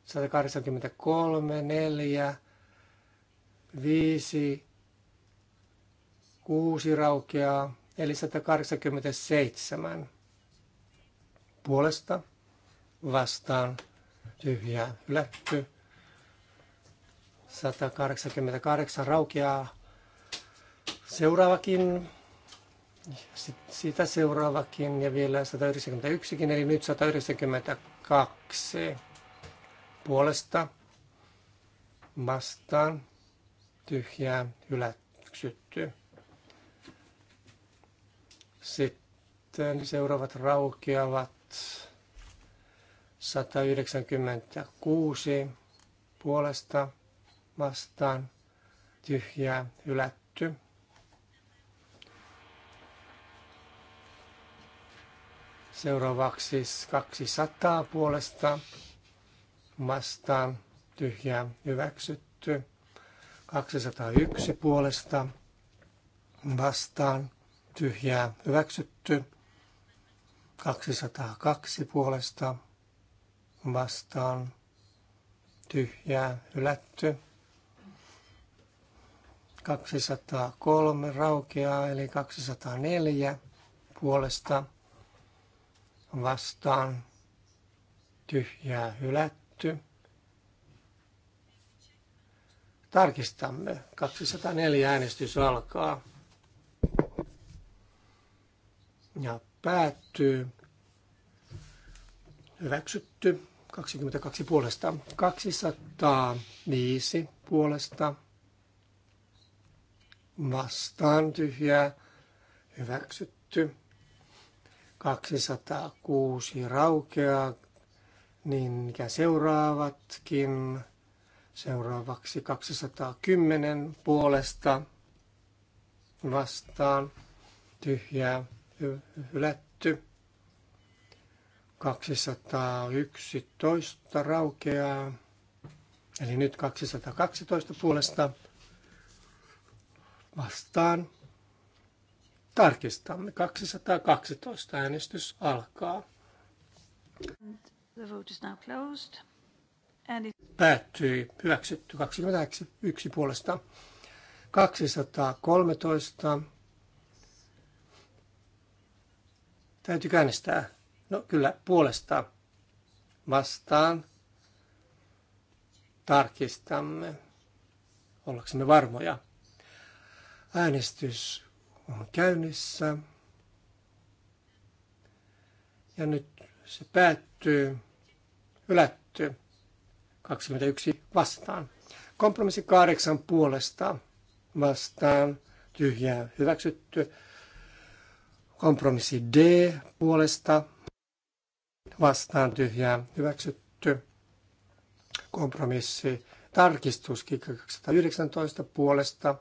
183, 4, 5, 6 raukeaa, eli 187 puolesta vastaan tyhjää hylätty. 188 raukeaa Seuraavakin, sitä seuraavakin ja vielä 191kin, eli nyt 192 puolesta vastaan tyhjää hylätsytty. Sitten seuraavat raukeavat 196 puolesta vastaan tyhjää hylätty. Seuraavaksi 200 puolesta vastaan tyhjää hyväksytty. 201 puolesta vastaan tyhjää hyväksytty. 202 puolesta vastaan tyhjää hylätty. 203 raukeaa eli 204 puolesta vastaan tyhjää hylätty. Tarkistamme. 204 äänestys alkaa. Ja päättyy. Hyväksytty. 22 puolesta. 205 puolesta. Vastaan tyhjää. Hyväksytty. 206 raukeaa, niin mikä seuraavatkin. Seuraavaksi 210 puolesta vastaan tyhjää hylätty. 211 raukeaa, eli nyt 212 puolesta vastaan Tarkistamme. 212 äänestys alkaa. The vote is now closed. And it... Päättyi. Hyväksytty 21 puolesta. 213. Täytyy äänestää. No kyllä, puolesta vastaan. Tarkistamme. Ollaksemme varmoja. Äänestys on käynnissä. Ja nyt se päättyy, ylätty 21 vastaan. Kompromissi kahdeksan puolesta vastaan, tyhjää hyväksytty. Kompromissi D puolesta vastaan tyhjää hyväksytty. Kompromissi tarkistus 219 puolesta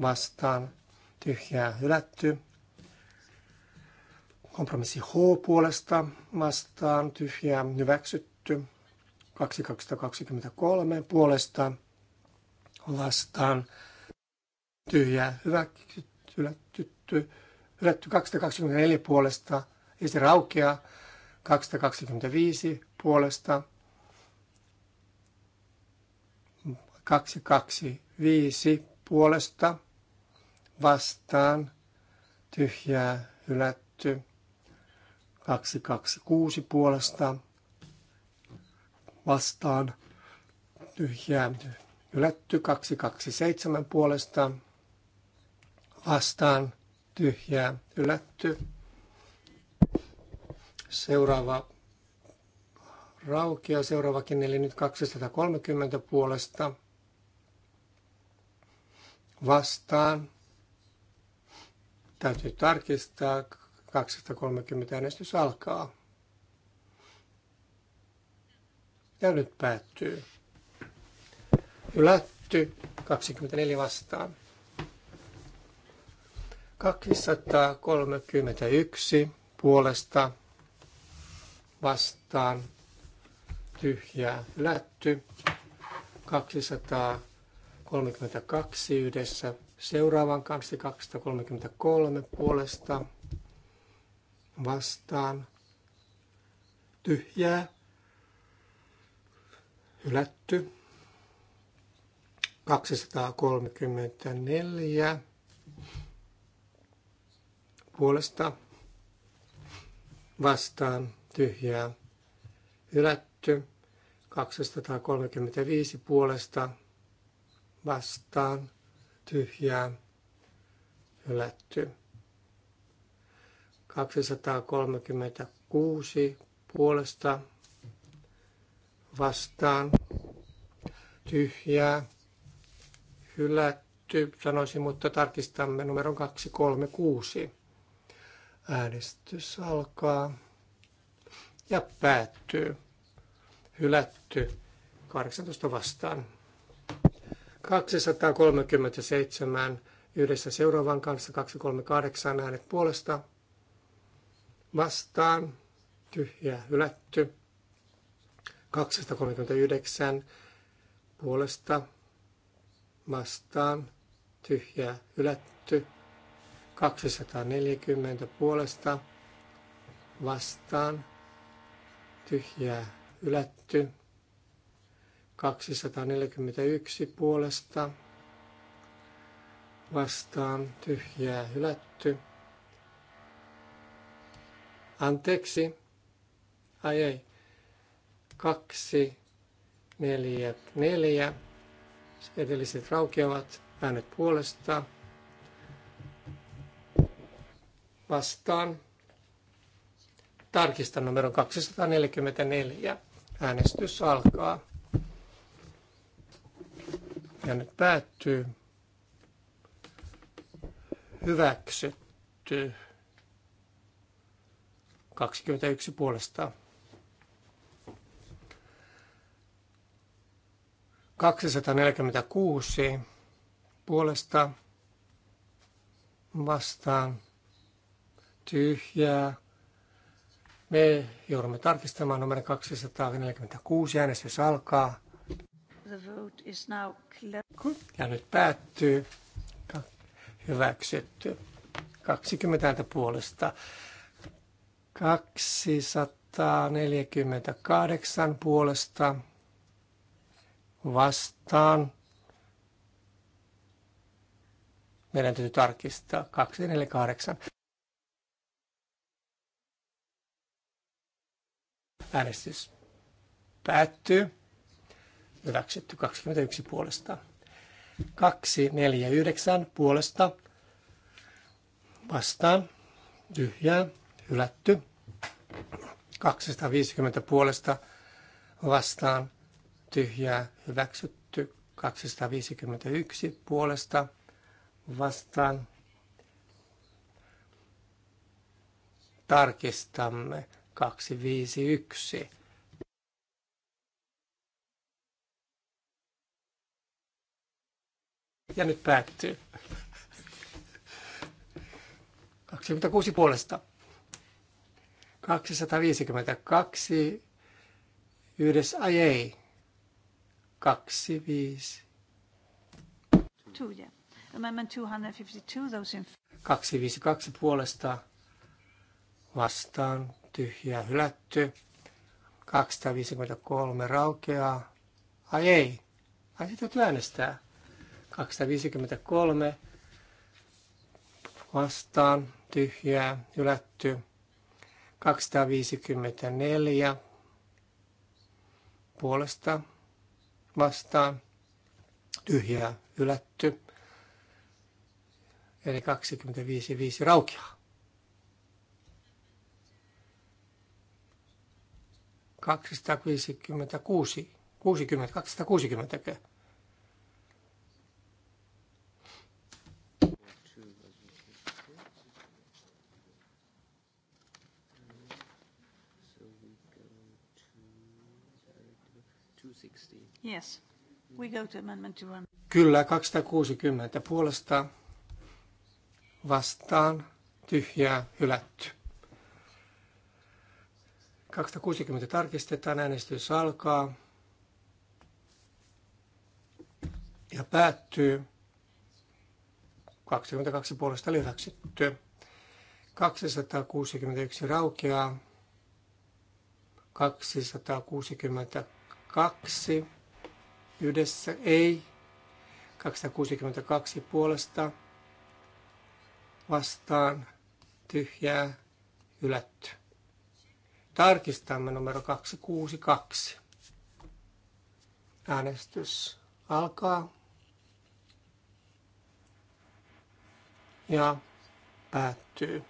vastaan tyhjää hylätty. Kompromissi H puolesta vastaan tyhjää hyväksytty. 2223 puolesta vastaan tyhjää hyväksytty. Hylätty, hylätty 224 puolesta ei se raukea. 225 puolesta 225 puolesta vastaan tyhjää hylätty. 226 puolesta vastaan tyhjää hylätty. 227 puolesta vastaan tyhjää hylätty. Seuraava raukia seuraavakin, eli nyt 230 puolesta vastaan Täytyy tarkistaa. 230 äänestys alkaa. Ja nyt päättyy. Ylätty 24 vastaan. 231 puolesta vastaan tyhjää ylätty. 232 yhdessä Seuraavan kanssa 233 puolesta vastaan tyhjää, hylätty. 234 puolesta vastaan tyhjää, hylätty. 235 puolesta vastaan tyhjää hylätty. 236 puolesta vastaan tyhjää hylätty, sanoisin, mutta tarkistamme numeron 236. Äänestys alkaa ja päättyy. Hylätty 18 vastaan. 237 yhdessä seuraavan kanssa 238 äänet puolesta vastaan tyhjä hylätty. 239 puolesta vastaan tyhjä hylätty. 240 puolesta vastaan tyhjä hylätty. 241 puolesta vastaan tyhjää hylätty. Anteeksi. Ai ei. 2, 4, 4. Edelliset raukeavat äänet puolesta. Vastaan. Tarkistan numero 244. Äänestys alkaa. Ja nyt päättyy. Hyväksytty. 21 puolesta. 246 puolesta vastaan tyhjää. Me joudumme tarkistamaan numero 246 äänestys alkaa. The vote is now Ja nyt päättyy. Hyväksytty. 20 ääntä puolesta. 248 puolesta vastaan. Meidän täytyy tarkistaa 248. Äänestys päättyy hyväksytty 21 puolesta. 2, 4, 9 puolesta vastaan tyhjää hylätty. 250 puolesta vastaan tyhjää hyväksytty. 251 puolesta vastaan tarkistamme 251. Ja nyt päättyy. 26 puolesta. 252 yhdessä ai ei. 25. 252, 252 puolesta vastaan tyhjää hylätty. 253 raukeaa. Ai ei. Ai sitä äänestää. 253 vastaan tyhjää hylätty. 254 puolesta vastaan tyhjää hylätty. Eli 25.5 raukeaa. 256, 60, 260. Yes. We go to amendment to run. Kyllä, 260 puolesta vastaan tyhjää hylätty. 260 tarkistetaan, äänestys alkaa ja päättyy. 22 puolesta oli hyväksytty. 261 raukeaa. 262 yhdessä ei. 262 puolesta vastaan tyhjää hylätty. Tarkistamme numero 262. Äänestys alkaa. Ja päättyy.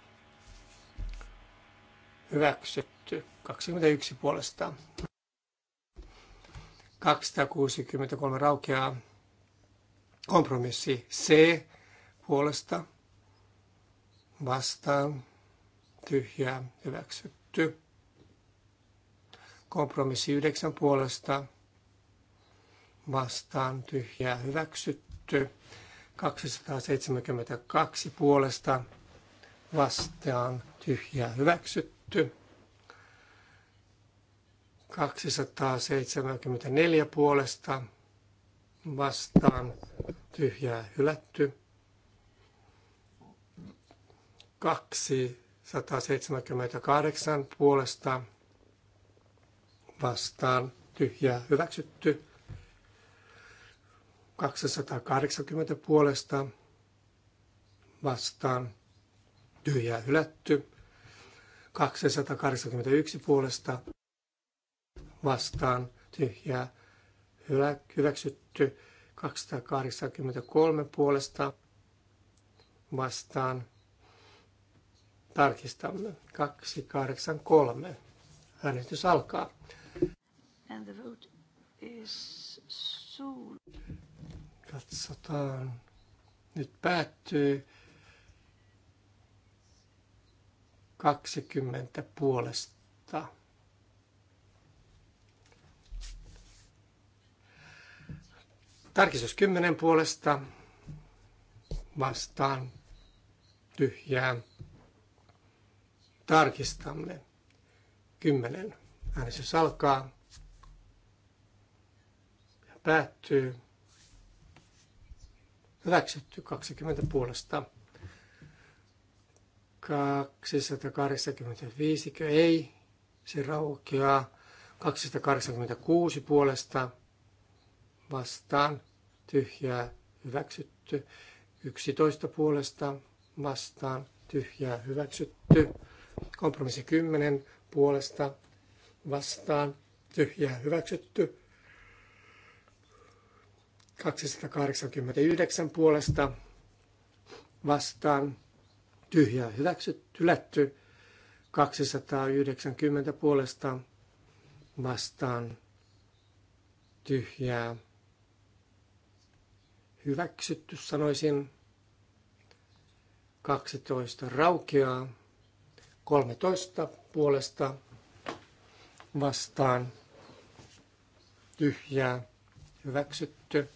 Hyväksytty. 21 puolestaan. 263 raukeaa. Kompromissi C puolesta vastaan tyhjää hyväksytty. Kompromissi 9 puolesta vastaan tyhjää hyväksytty. 272 puolesta vastaan tyhjää hyväksytty. 274 puolesta vastaan tyhjää hylätty. 278 puolesta vastaan tyhjää hyväksytty. 280 puolesta vastaan tyhjää hylätty. 281 puolesta vastaan tyhjää hyväksytty 283 puolesta vastaan. Tarkistamme 283. Äänestys alkaa. And the vote is soon. Katsotaan. Nyt päättyy 20 puolesta. Tarkistus 10 puolesta vastaan tyhjää. Tarkistamme. 10. Äänestys alkaa ja päättyy. Hyväksytty 20 puolesta. 285 ei, se raukeaa. 286 puolesta vastaan tyhjää hyväksytty. 11 puolesta vastaan tyhjää hyväksytty. Kompromissi 10 puolesta vastaan tyhjää hyväksytty. 289 puolesta vastaan tyhjää hyväksytty, hylätty. 290 puolesta vastaan tyhjää hyväksytty, sanoisin. 12 raukeaa, 13 puolesta vastaan, tyhjää, hyväksytty.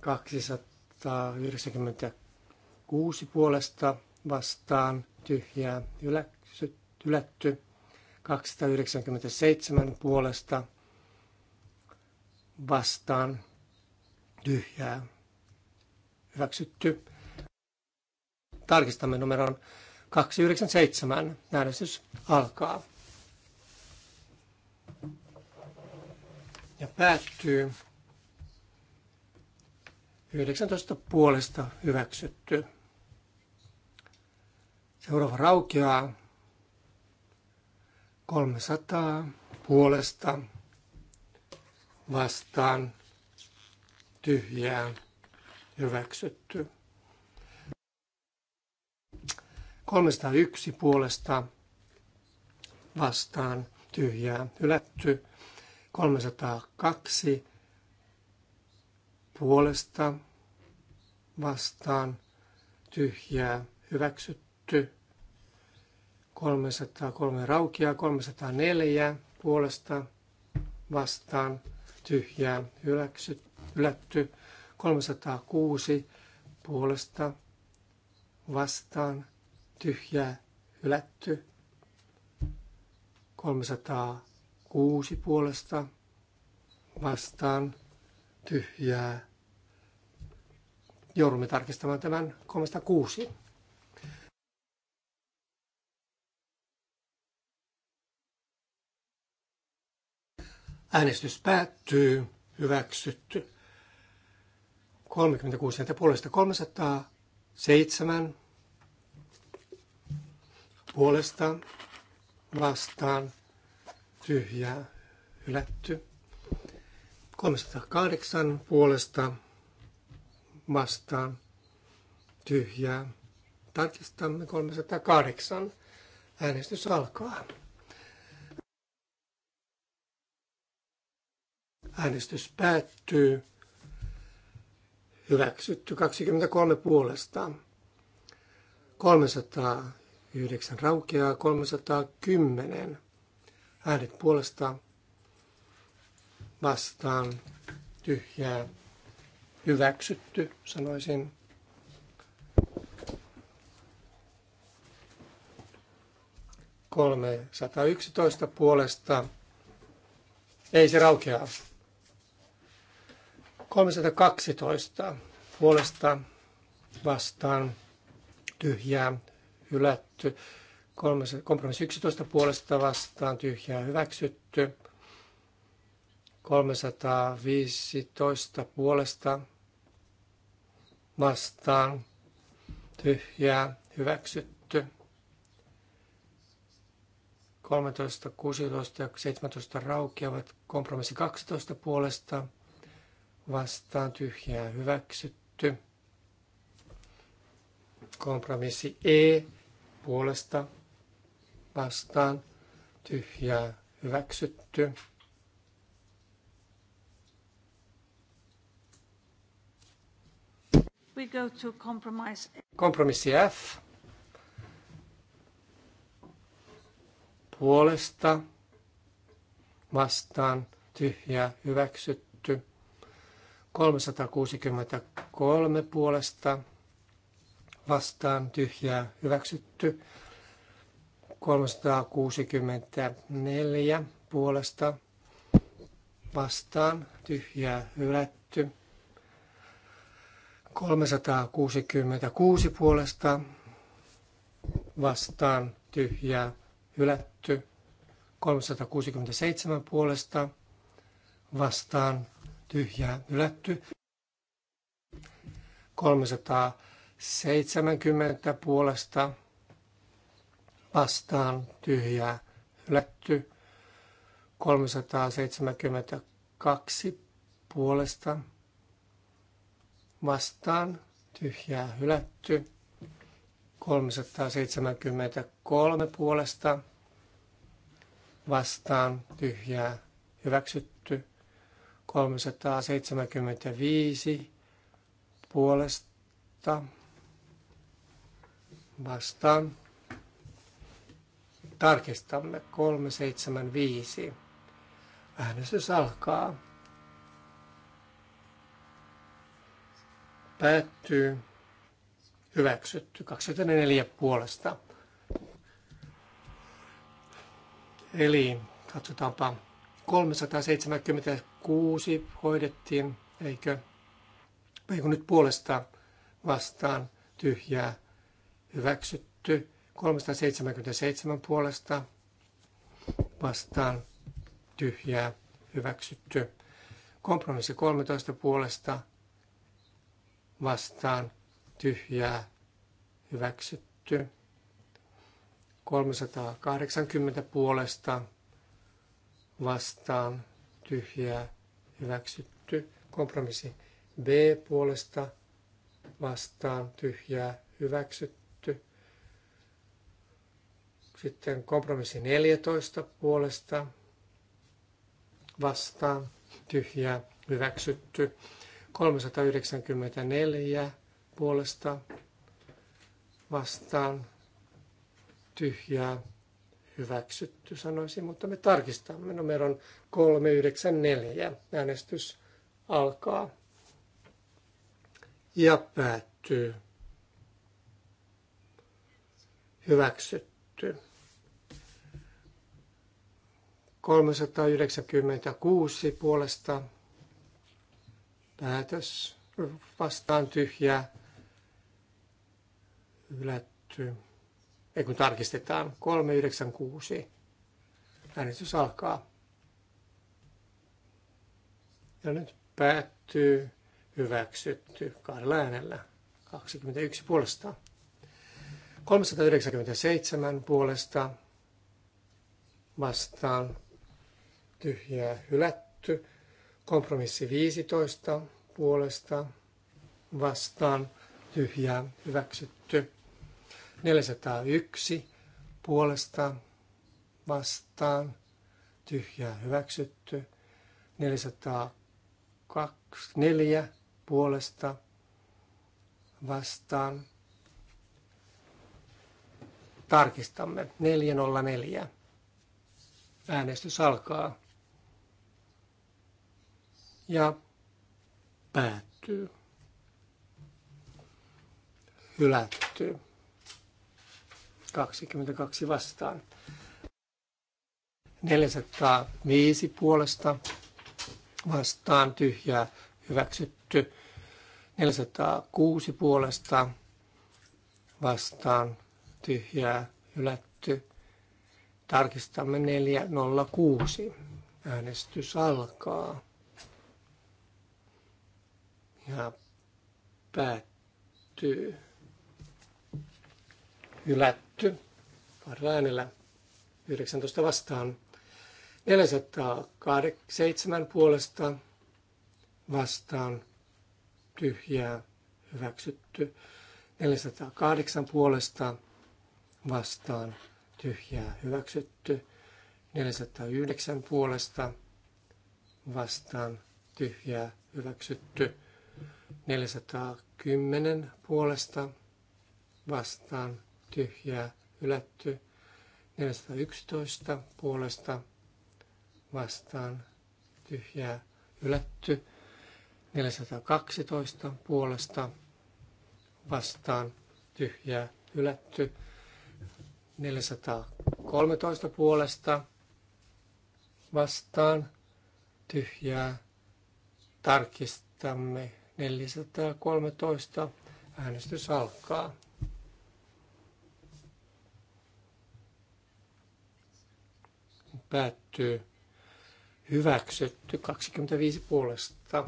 296 puolesta vastaan, tyhjää, hylätty. 297 puolesta vastaan tyhjää hyväksytty. Tarkistamme numeron 297. Äänestys alkaa. Ja päättyy 19 puolesta hyväksytty. Seuraava raukeaa 300 puolesta vastaan tyhjää hyväksytty. 301 puolesta vastaan tyhjää hylätty. 302 puolesta vastaan tyhjää hyväksytty. 303 raukia, 304 puolesta vastaan tyhjää hyläksy, hylätty 306 puolesta vastaan tyhjää hylätty 306 puolesta vastaan tyhjää. Joudumme tarkistamaan tämän 306. Äänestys päättyy. Hyväksytty. 36 ääntä puolesta 307 puolesta vastaan tyhjää hylätty. 308 puolesta vastaan tyhjää. Tarkistamme 308. Äänestys alkaa. Äänestys päättyy. Hyväksytty 23 puolesta. 309 raukeaa 310. Äänet puolesta vastaan tyhjää hyväksytty, sanoisin. Kolme puolesta. Ei se raukeaa. 312 puolesta vastaan tyhjää hylätty. Kompromissi 11 puolesta vastaan tyhjää hyväksytty. 315 puolesta vastaan tyhjää hyväksytty. 13, 16 ja 17 raukeavat kompromissi 12 puolesta vastaan tyhjää hyväksytty. Kompromissi E puolesta vastaan tyhjää hyväksytty. We go to compromise. E. Kompromissi F puolesta vastaan tyhjää hyväksytty 363 puolesta vastaan tyhjää hyväksytty. 364 puolesta vastaan tyhjää hylätty. 366 puolesta vastaan tyhjää hylätty. 367 puolesta vastaan tyhjää ylätty. 370 puolesta vastaan tyhjää ylätty. 372 puolesta vastaan tyhjää hylätty. 373 puolesta vastaan tyhjää hyväksytty. 375 puolesta vastaan. Tarkistamme 375. Äänestys alkaa. Päättyy. Hyväksytty 24 puolesta. Eli katsotaanpa 376 kuusi hoidettiin, eikö? Eikö nyt puolesta vastaan tyhjää hyväksytty? 377 puolesta vastaan tyhjää hyväksytty. Kompromissi 13 puolesta vastaan tyhjää hyväksytty. 380 puolesta vastaan tyhjää hyväksytty. Kompromissi B puolesta vastaan tyhjää hyväksytty. Sitten kompromissi 14 puolesta vastaan tyhjää hyväksytty. 394 puolesta vastaan tyhjää hyväksytty, sanoisin, mutta me tarkistamme numeron 394. Äänestys alkaa ja päättyy. Hyväksytty. 396 puolesta päätös vastaan tyhjää hylätty. Ei kun tarkistetaan 396. Äänestys alkaa. Ja nyt päättyy hyväksytty kahdella äänellä. 21 puolesta. 397 puolesta vastaan tyhjää hylätty. Kompromissi 15 puolesta vastaan tyhjää hyväksytty. 401 puolesta vastaan tyhjää hyväksytty. 424 puolesta vastaan. Tarkistamme 404. Äänestys alkaa ja päättyy. Hylättyy. 22 vastaan. 405 puolesta vastaan tyhjää hyväksytty. 406 puolesta vastaan tyhjää hylätty. Tarkistamme 406. Äänestys alkaa. Ja päättyy hylätty kahdella äänellä 19 vastaan. 407 puolesta vastaan tyhjää hyväksytty. 408 puolesta vastaan tyhjää hyväksytty. 409 puolesta vastaan tyhjää hyväksytty. 410 puolesta vastaan tyhjää hylätty. 411 puolesta vastaan tyhjää hylätty. 412 puolesta vastaan tyhjää hylätty. 413 puolesta vastaan tyhjää tarkistamme. 413 äänestys alkaa. päättyy hyväksytty 25 puolesta.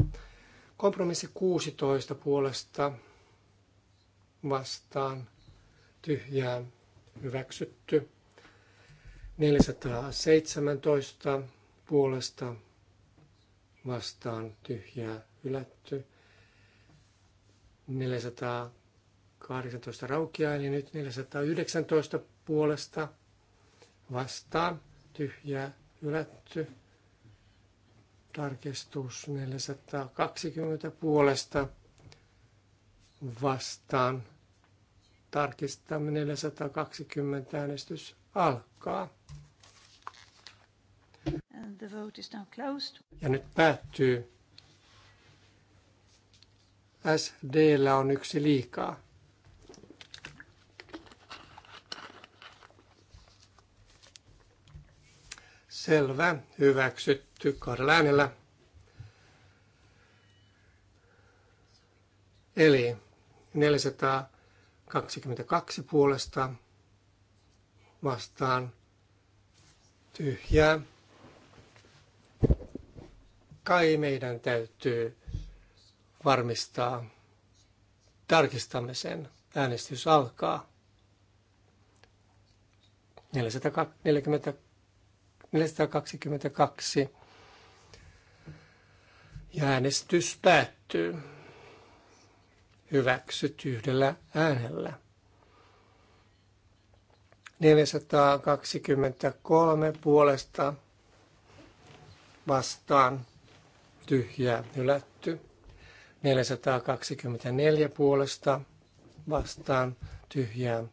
Kompromissi 16 puolesta vastaan tyhjään hyväksytty. 417 puolesta vastaan tyhjää hylätty. 418 raukia, eli nyt 419 puolesta vastaan tyhjää ylätty. Tarkistus 420 puolesta vastaan. Tarkistamme 420 äänestys alkaa. And the vote is now closed. Ja nyt päättyy. SDllä on yksi liikaa. Selvä, hyväksytty kahdella äänellä. Eli 422 puolesta vastaan tyhjää. Kai meidän täytyy varmistaa. Tarkistamme sen. Äänestys alkaa. 442 422. Ja äänestys päättyy. Hyväksyt yhdellä äänellä. 423 puolesta vastaan tyhjää hylätty. 424 puolesta vastaan tyhjää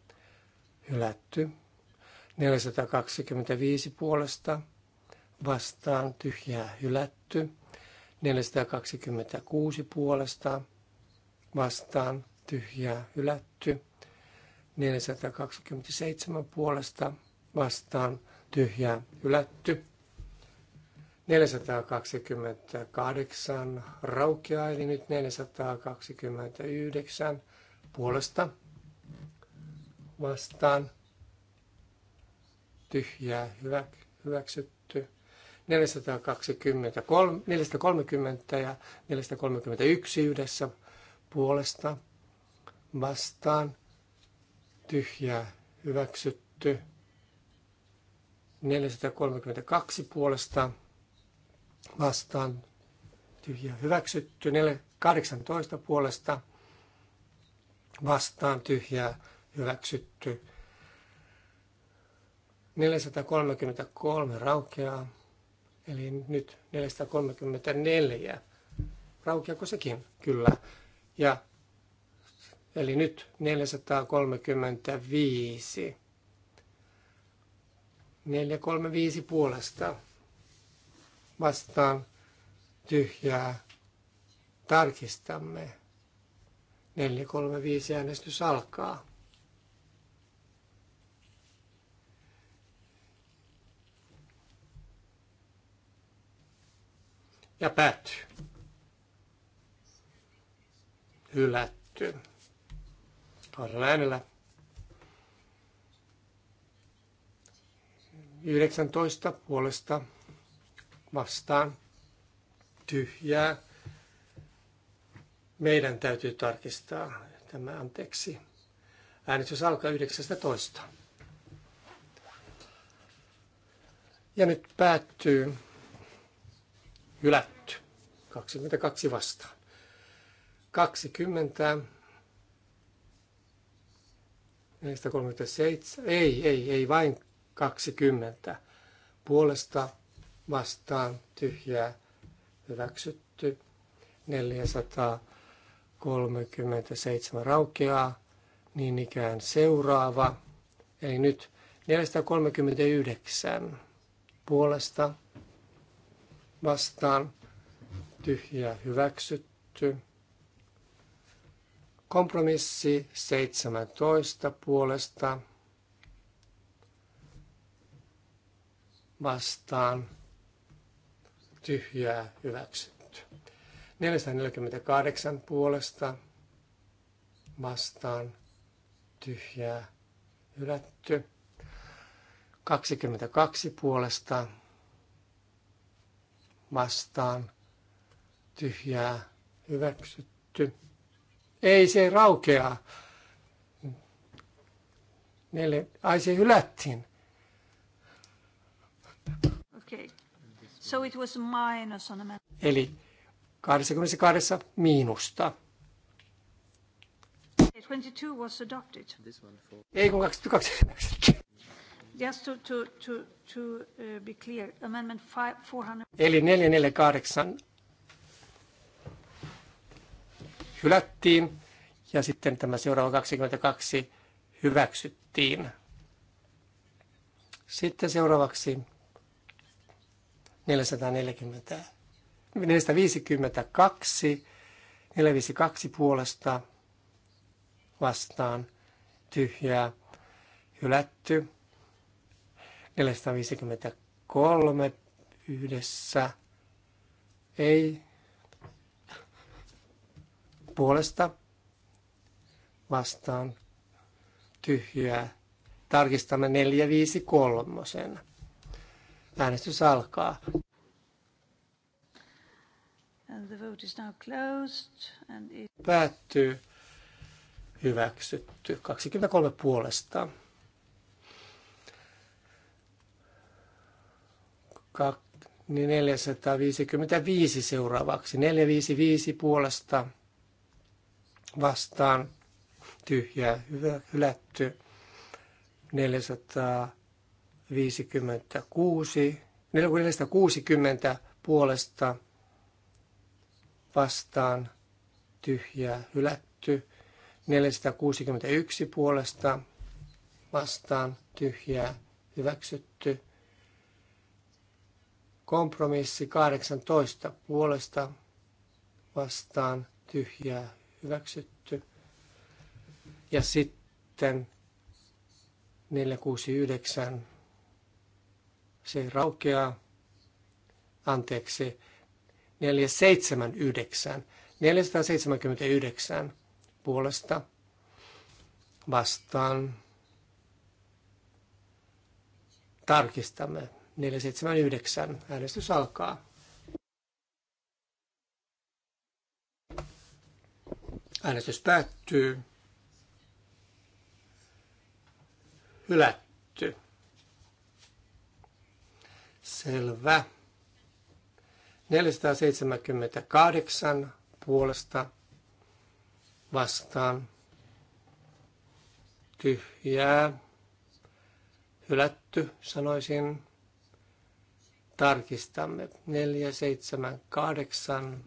hylätty. 425 puolesta vastaan tyhjää hylätty. 426 puolesta vastaan tyhjää hylätty. 427 puolesta vastaan tyhjää hylätty. 428 raukeaa, eli nyt 429 puolesta vastaan tyhjää hyvä, hyväksytty. 423, 430 ja 431 yhdessä puolesta vastaan tyhjää hyväksytty. 432 puolesta vastaan tyhjää hyväksytty. 418 puolesta vastaan tyhjää hyväksytty. 433 raukeaa, eli nyt 434. Raukeako sekin? Kyllä. Ja, eli nyt 435. 435 puolesta vastaan tyhjää tarkistamme. 435 äänestys alkaa. ja päättyy. Hylätty. Kahdella äänellä. 19 puolesta vastaan tyhjää. Meidän täytyy tarkistaa tämä anteeksi. Äänestys alkaa 19. Ja nyt päättyy hylätty. 22 vastaan. 20. 437. Ei, ei, ei, vain 20. Puolesta vastaan tyhjää hyväksytty. 437 raukeaa. Niin ikään seuraava. Eli nyt 439 puolesta vastaan tyhjä hyväksytty. Kompromissi 17 puolesta vastaan tyhjää hyväksytty. 448 puolesta vastaan tyhjää hylätty. 22 puolesta vastaan tyhjää hyväksytty. Ei se raukeaa. Neljä. Ai se hylättiin. Okay. So it was minus on a... Eli 22 miinusta. 22 was adopted. Ei kun 22. Just to, to, to, to uh, be clear, amendment 400... Eli 448 hylättiin ja sitten tämä seuraava 22 hyväksyttiin. Sitten seuraavaksi 440, 452, 452 puolesta vastaan tyhjää hylätty. 453 yhdessä. Ei. Puolesta vastaan tyhjää. Tarkistamme 453. Äänestys alkaa. And the vote is now closed and it... Päättyy. Hyväksytty. 23 puolesta. 455 niin seuraavaksi. 455 puolesta vastaan tyhjää hyvä, hylätty. 456, 460 puolesta vastaan tyhjää hylätty. 461 puolesta vastaan tyhjää hyväksytty. Kompromissi 18 puolesta vastaan tyhjää hyväksytty. Ja sitten 469 se raukeaa. Anteeksi, 479. 479 puolesta vastaan tarkistamme. 479. Äänestys alkaa. Äänestys päättyy. Hylätty. Selvä. 478 puolesta vastaan. Tyhjää. Hylätty, sanoisin. Tarkistamme 4, 7, 8.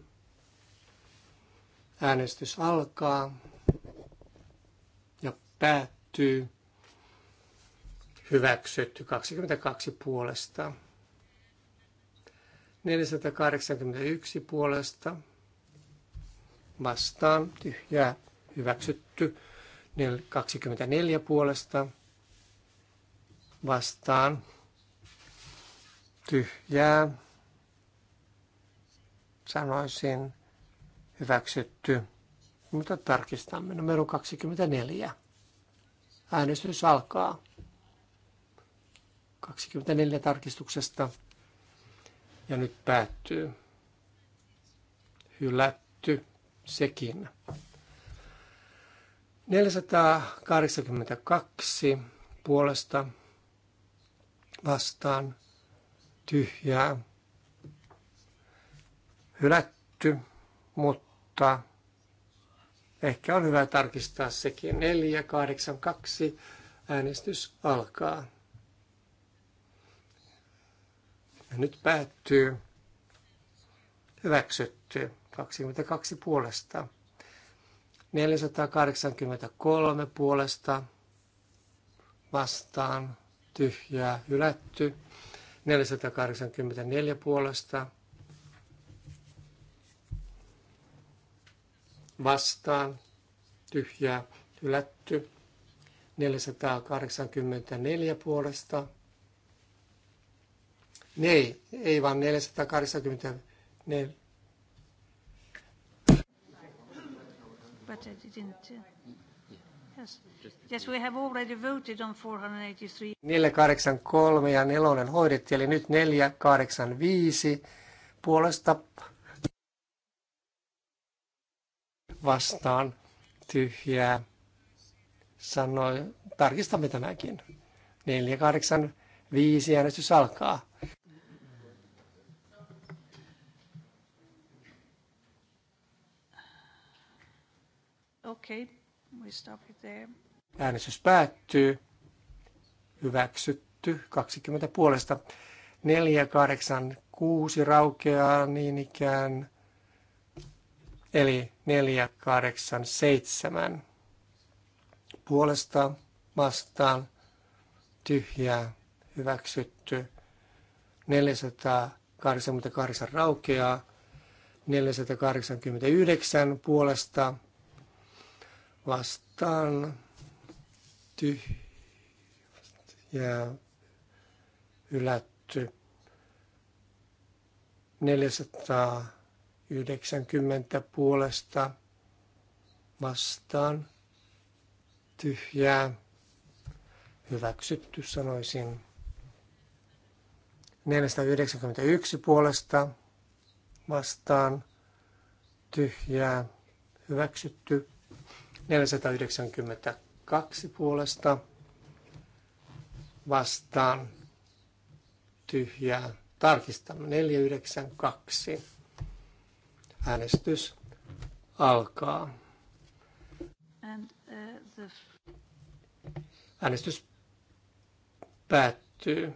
Äänestys alkaa ja päättyy. Hyväksytty 22 puolesta. 481 puolesta. Vastaan tyhjää hyväksytty. 24 puolesta. Vastaan tyhjää, sanoisin hyväksytty, mutta tarkistamme numero 24. Äänestys alkaa. 24 tarkistuksesta ja nyt päättyy. Hylätty sekin. 482 puolesta vastaan tyhjää, hylätty, mutta ehkä on hyvä tarkistaa sekin. 482 äänestys alkaa. Ja nyt päättyy hyväksytty 22 puolesta. 483 puolesta vastaan tyhjää hylätty. 484 puolesta vastaan, tyhjää, hylätty. 484 puolesta. Ei, niin, ei vaan 484. But I didn't. Uh, Yes, we have already voted on 483. 483 ja 4 hoidettiin, eli nyt 485 puolesta vastaan tyhjää. Sanoi, tarkistamme tämäkin. 485 äänestys alkaa. Okei. Okay. Äänestys päättyy. Hyväksytty 20 puolesta. 486 raukeaa niin ikään. Eli 487 puolesta vastaan tyhjää hyväksytty. 488 raukeaa. 489 puolesta vastaan tyhjää ylätty 490 puolesta vastaan tyhjää hyväksytty sanoisin 491 puolesta vastaan tyhjää hyväksytty 492 puolesta vastaan tyhjää. Tarkistamme 492. Äänestys alkaa. And, uh, the... Äänestys päättyy.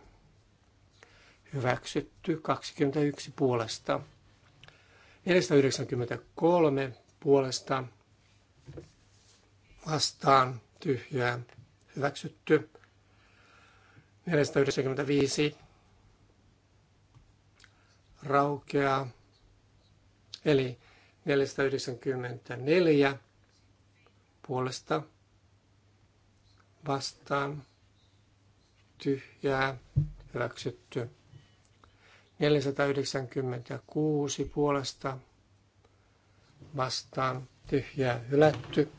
Hyväksytty 21 puolesta. 493 puolesta vastaan tyhjää hyväksytty. 495 raukeaa, eli 494 puolesta vastaan tyhjää hyväksytty. 496 puolesta vastaan tyhjää hylätty.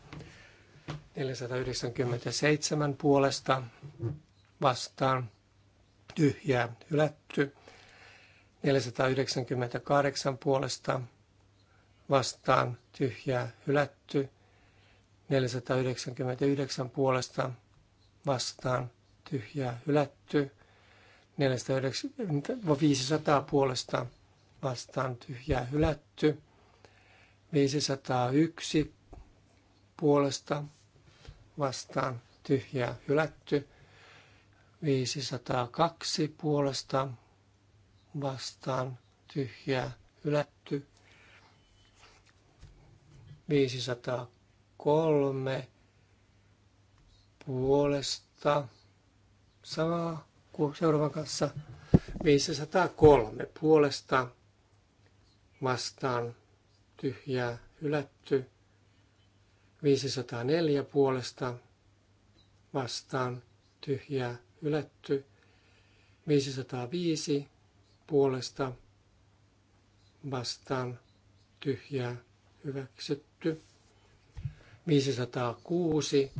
497 puolesta vastaan tyhjää hylätty. 498 puolesta vastaan tyhjää hylätty. 499 puolesta vastaan tyhjää hylätty. 490, 500 puolesta vastaan tyhjää hylätty. 501 puolesta vastaan tyhjää hylätty. 502 puolesta vastaan tyhjää hylätty. 503 puolesta samaa kuin seuraavan kanssa 503 puolesta vastaan tyhjää hylätty. 504 puolesta vastaan tyhjää hylätty. 505 puolesta vastaan tyhjää hyväksytty. 506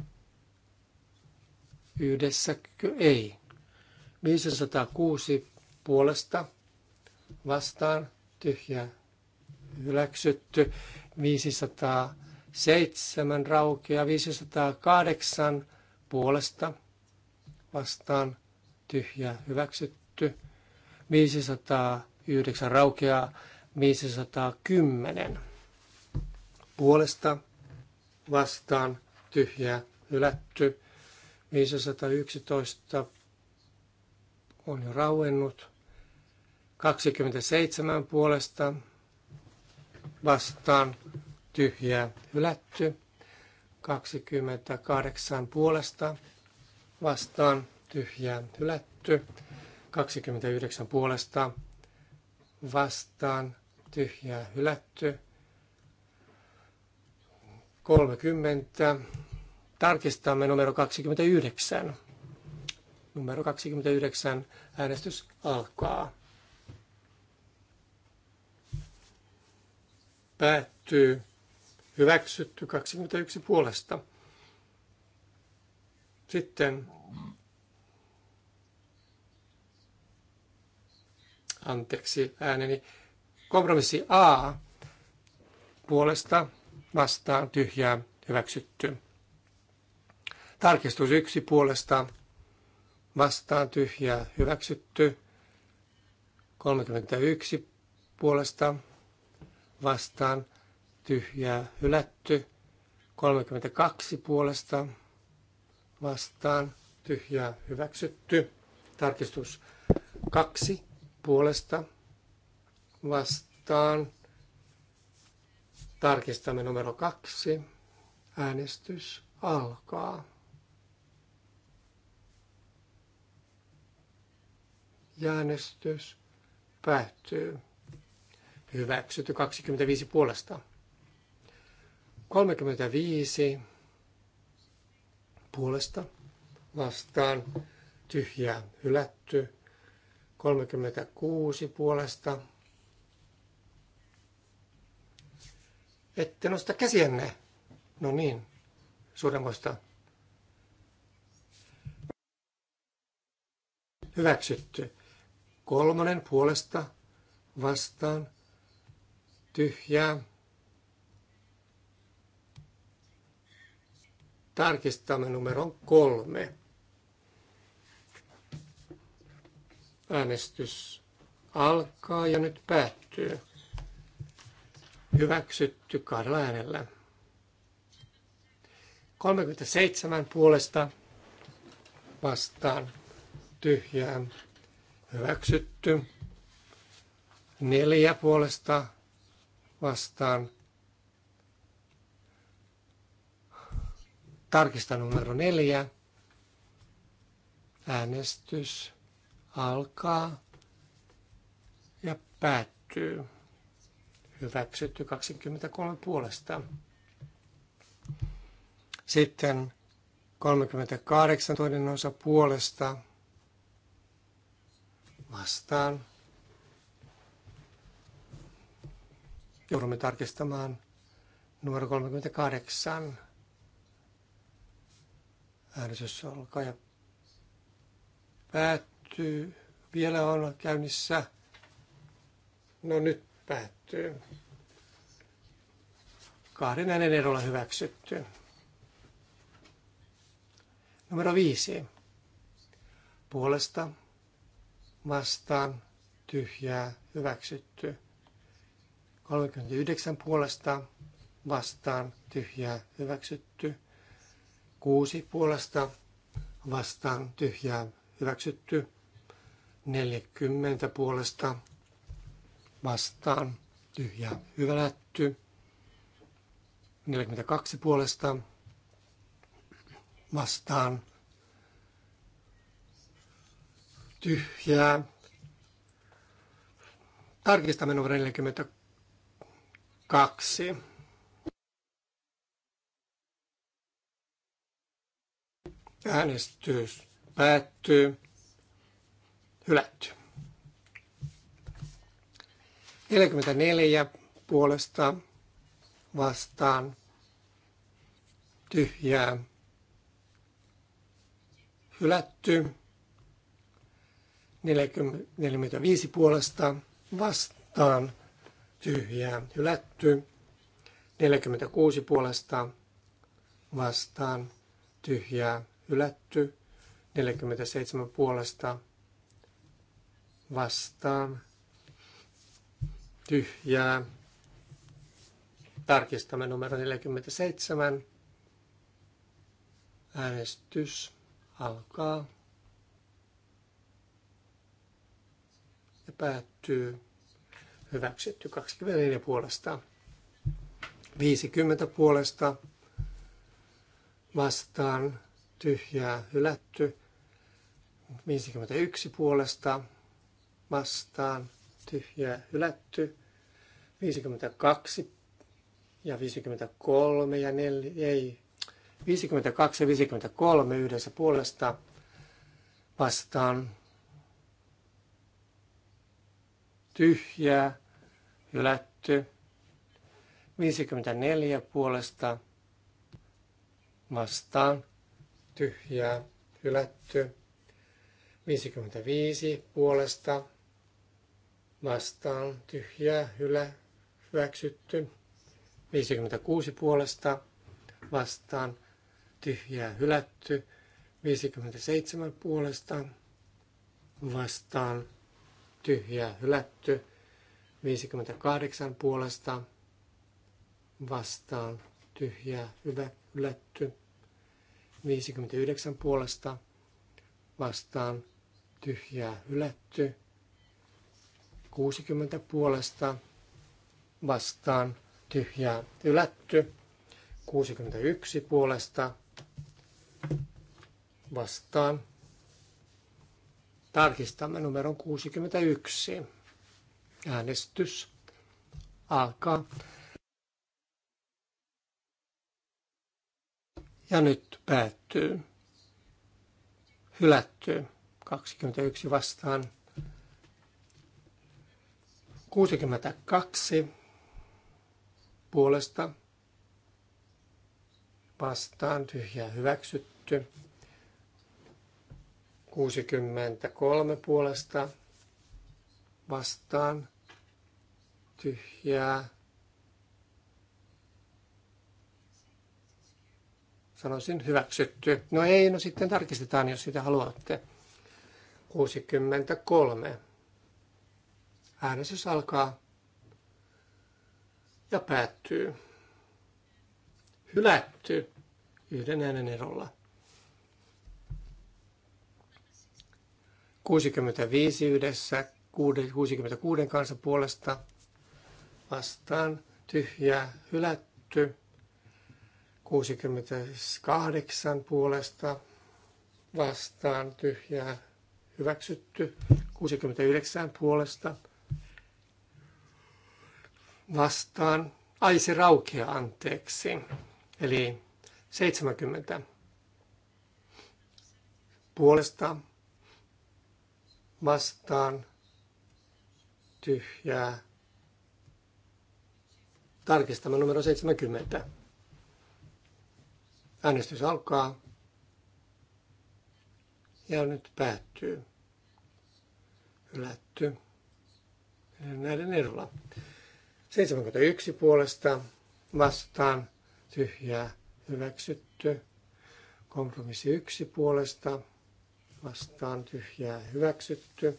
yhdessäkö ei. 506 puolesta vastaan tyhjää hyväksytty. 500 7 raukea 508 puolesta vastaan tyhjä hyväksytty. 509 raukeaa 510 puolesta vastaan tyhjä hylätty. 511 on jo rauennut. 27 puolesta vastaan tyhjää hylätty. 28 puolesta vastaan tyhjää hylätty. 29 puolesta vastaan tyhjää hylätty. 30. Tarkistamme numero 29. Numero 29. Äänestys alkaa. Päättyy Hyväksytty 21 puolesta. Sitten anteeksi ääneni. Kompromissi A puolesta vastaan tyhjää hyväksytty. Tarkistus 1 puolesta vastaan tyhjää hyväksytty. 31 puolesta vastaan tyhjää hylätty. 32 puolesta vastaan tyhjää hyväksytty. Tarkistus 2 puolesta vastaan. Tarkistamme numero 2. Äänestys alkaa. Ja äänestys päättyy. Hyväksytty 25 puolesta 35 puolesta vastaan tyhjää hylätty. 36 puolesta. Ette nosta käsienne. No niin, suuremmoista. Hyväksytty. Kolmonen puolesta vastaan tyhjää Tarkistamme numeron kolme. Äänestys alkaa ja nyt päättyy. Hyväksytty kahdella äänellä. 37 puolesta vastaan tyhjään. Hyväksytty. Neljä puolesta vastaan Tarkistan numero neljä. Äänestys alkaa ja päättyy. Hyväksytty 23 puolesta. Sitten 38 toinen osa puolesta vastaan. Joudumme tarkistamaan numero 38. Äänestys alkaa ja päättyy. Vielä on käynnissä. No nyt päättyy. Kahden äänen erolla hyväksytty. Numero viisi. Puolesta vastaan tyhjää hyväksytty. 39 puolesta vastaan tyhjää hyväksytty kuusi puolesta vastaan tyhjää hyväksytty. 40 puolesta vastaan tyhjää hyvälätty. 42 puolesta vastaan tyhjää. Tarkistamme numero 42. Äänestys päättyy. Hylätty. 44 puolesta vastaan tyhjää. Hylätty. 45 puolesta vastaan tyhjää. Hylätty. 46 puolesta vastaan tyhjää hylätty. 47 puolesta vastaan tyhjää. Tarkistamme numero 47. Äänestys alkaa ja päättyy. Hyväksytty 24 puolesta. 50 puolesta vastaan tyhjää hylätty. 51 puolesta vastaan tyhjää hylätty. 52 ja 53 ja 4, ei, 52 ja 53 yhdessä puolesta vastaan tyhjää hylätty. 54 puolesta vastaan tyhjää hylätty. 55 puolesta vastaan tyhjää hylä, hyväksytty. 56 puolesta vastaan tyhjää hylätty. 57 puolesta vastaan tyhjää hylätty. 58 puolesta vastaan tyhjää hyvä, hylätty. 59 puolesta vastaan tyhjää hylätty. 60 puolesta vastaan tyhjää hylätty. 61 puolesta vastaan. Tarkistamme numeron 61. Äänestys alkaa. ja nyt päättyy. Hylätty 21 vastaan 62 puolesta vastaan tyhjää hyväksytty. 63 puolesta vastaan tyhjää Sanoisin hyväksytty. No ei, no sitten tarkistetaan, jos sitä haluatte. 63. Äänestys alkaa ja päättyy. Hylätty yhden äänen erolla. 65 yhdessä 66 kanssa puolesta vastaan tyhjää hylätty. 68 puolesta vastaan tyhjää hyväksytty. 69 puolesta vastaan. Ai se raukea anteeksi. Eli 70 puolesta vastaan tyhjää. Tarkistamme numero 70. Äänestys alkaa ja nyt päättyy. Hylätty. Näiden erolla. 71 puolesta vastaan tyhjää hyväksytty. Kompromissi 1 puolesta vastaan tyhjää hyväksytty.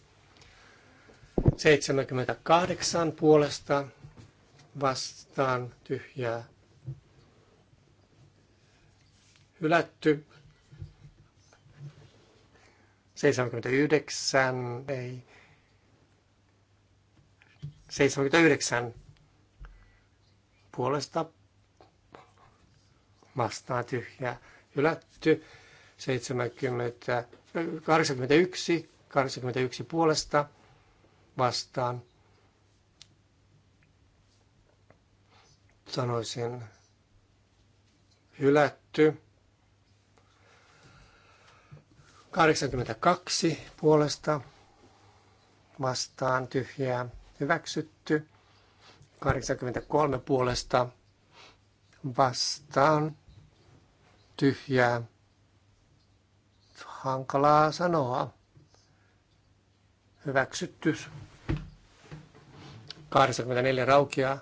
78 puolesta vastaan tyhjää hylätty. 79, ei. 79 puolesta vastaan tyhjä hylätty. 70, 81, 81 puolesta vastaan. Sanoisin hylätty. 82 puolesta vastaan tyhjää hyväksytty. 83 puolesta vastaan tyhjää. Hankalaa sanoa. Hyväksytty. 84 raukia.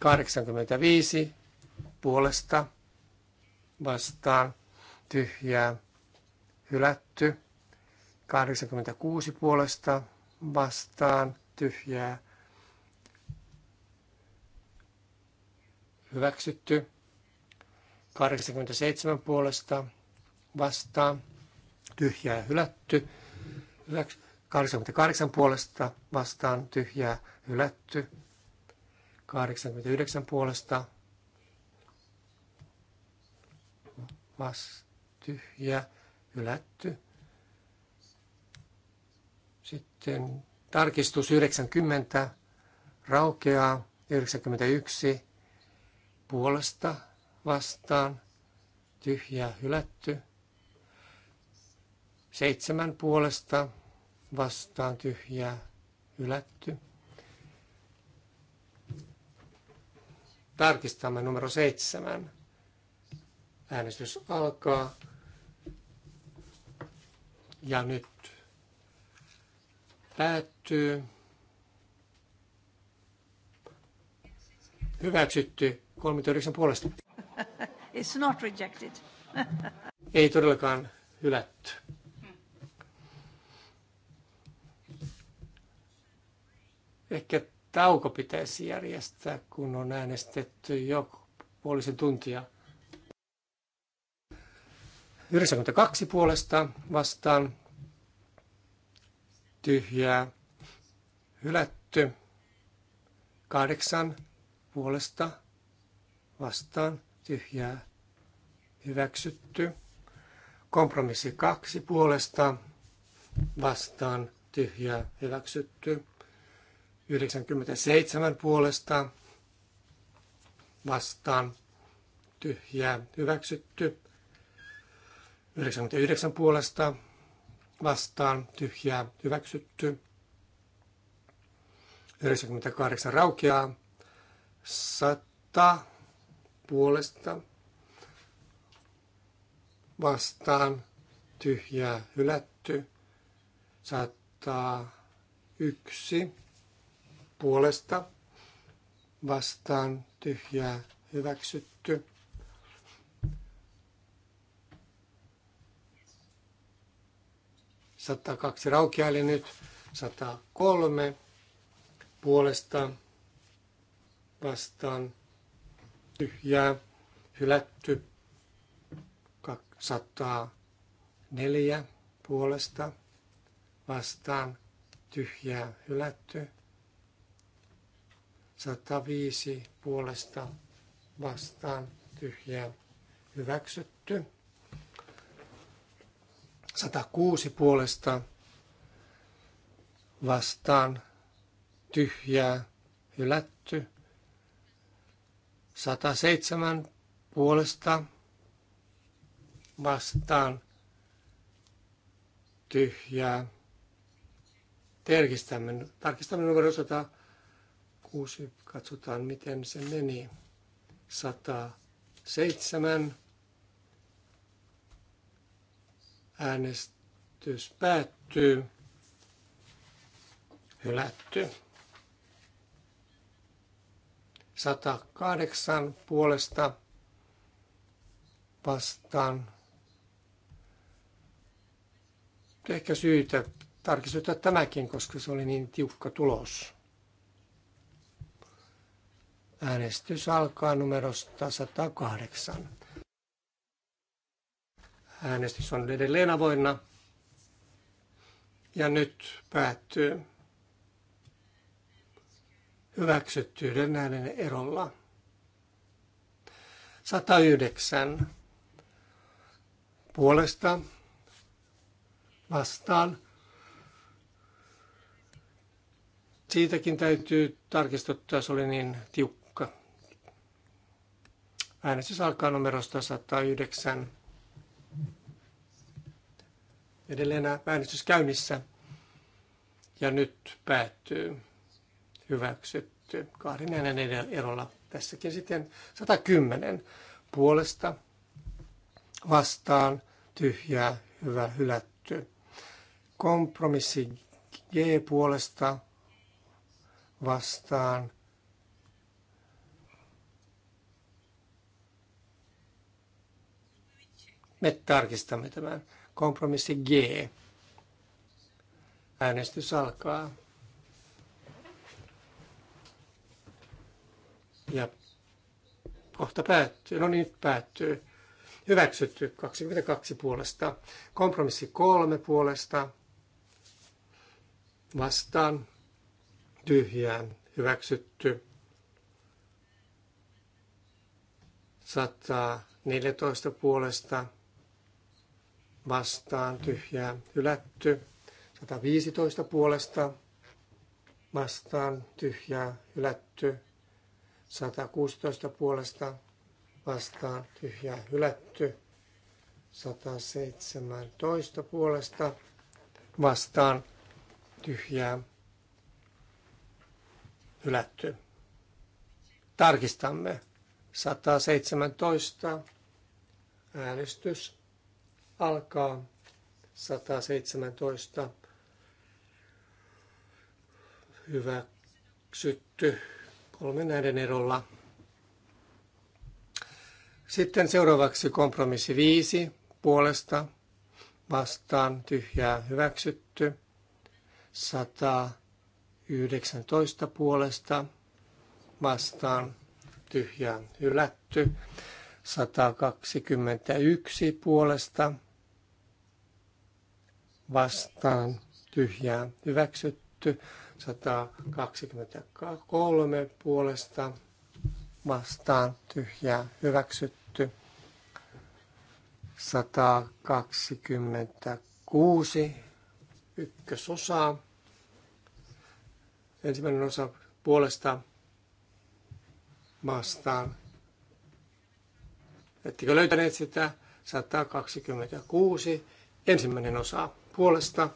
85 puolesta vastaan tyhjää hylätty. 86 puolesta vastaan tyhjää hyväksytty. 87 puolesta vastaan tyhjää hylätty. 88 puolesta vastaan tyhjää hylätty. 89 puolesta Vas, tyhjä, hylätty. Sitten tarkistus 90 raukeaa 91 puolesta vastaan tyhjä hylätty. Seitsemän puolesta vastaan tyhjä hylätty. Tarkistamme numero seitsemän. Äänestys alkaa. Ja nyt päättyy. Hyväksytty 39 puolesta. It's not rejected. Ei todellakaan hylätty. Ehkä tauko pitäisi järjestää, kun on äänestetty jo puolisen tuntia. 92 puolesta vastaan tyhjää hylätty. 8 puolesta vastaan tyhjää hyväksytty. Kompromissi 2 puolesta vastaan tyhjää hyväksytty. 97 puolesta vastaan tyhjää hyväksytty. 99 puolesta vastaan tyhjää hyväksytty. 98 raukeaa. 100 puolesta vastaan tyhjää hylätty. 101 puolesta vastaan tyhjää hyväksytty. 102 raukeaili nyt, 103 puolesta vastaan tyhjää, hylätty 104 puolesta vastaan tyhjää, hylätty 105 puolesta vastaan tyhjää, hyväksytty. 106 puolesta vastaan tyhjää hylätty. 107 puolesta vastaan tyhjää. Tarkistamme, tarkistamme numero 106. Katsotaan, miten se meni. 107 Äänestys päättyy. Hylätty. 108 puolesta vastaan. Ehkä syytä tarkistuttaa tämäkin, koska se oli niin tiukka tulos. Äänestys alkaa numerosta 108. Äänestys on edelleen avoinna. Ja nyt päättyy. Hyväksytty yhden äänen erolla. 109 puolesta vastaan. Siitäkin täytyy tarkistuttaa, se oli niin tiukka. Äänestys alkaa numerosta 109. Edelleen äänestys käynnissä ja nyt päättyy. Hyväksytty kahden äänen erolla. Tässäkin sitten 110 puolesta vastaan tyhjää hyvä hylätty. Kompromissi G puolesta vastaan Me tarkistamme tämän. Kompromissi G. Äänestys alkaa. Ja kohta päättyy. No niin, päättyy. Hyväksytty 22 puolesta. Kompromissi 3 puolesta. Vastaan. Tyhjään. Hyväksytty. 114 puolesta vastaan tyhjää hylätty. 115 puolesta vastaan tyhjää hylätty. 116 puolesta vastaan tyhjää hylätty. 117 puolesta vastaan tyhjää hylätty. Tarkistamme. 117 äänestys alkaa 117 hyväksytty kolmen näiden erolla. Sitten seuraavaksi kompromissi 5 puolesta vastaan tyhjää hyväksytty. 119 puolesta vastaan tyhjää hylätty. 121 puolesta vastaan tyhjää hyväksytty. 123 puolesta vastaan tyhjää hyväksytty. 126 ykkösosaa. Ensimmäinen osa puolesta vastaan. Ettekö löytäneet sitä? 126. Ensimmäinen osa puolesta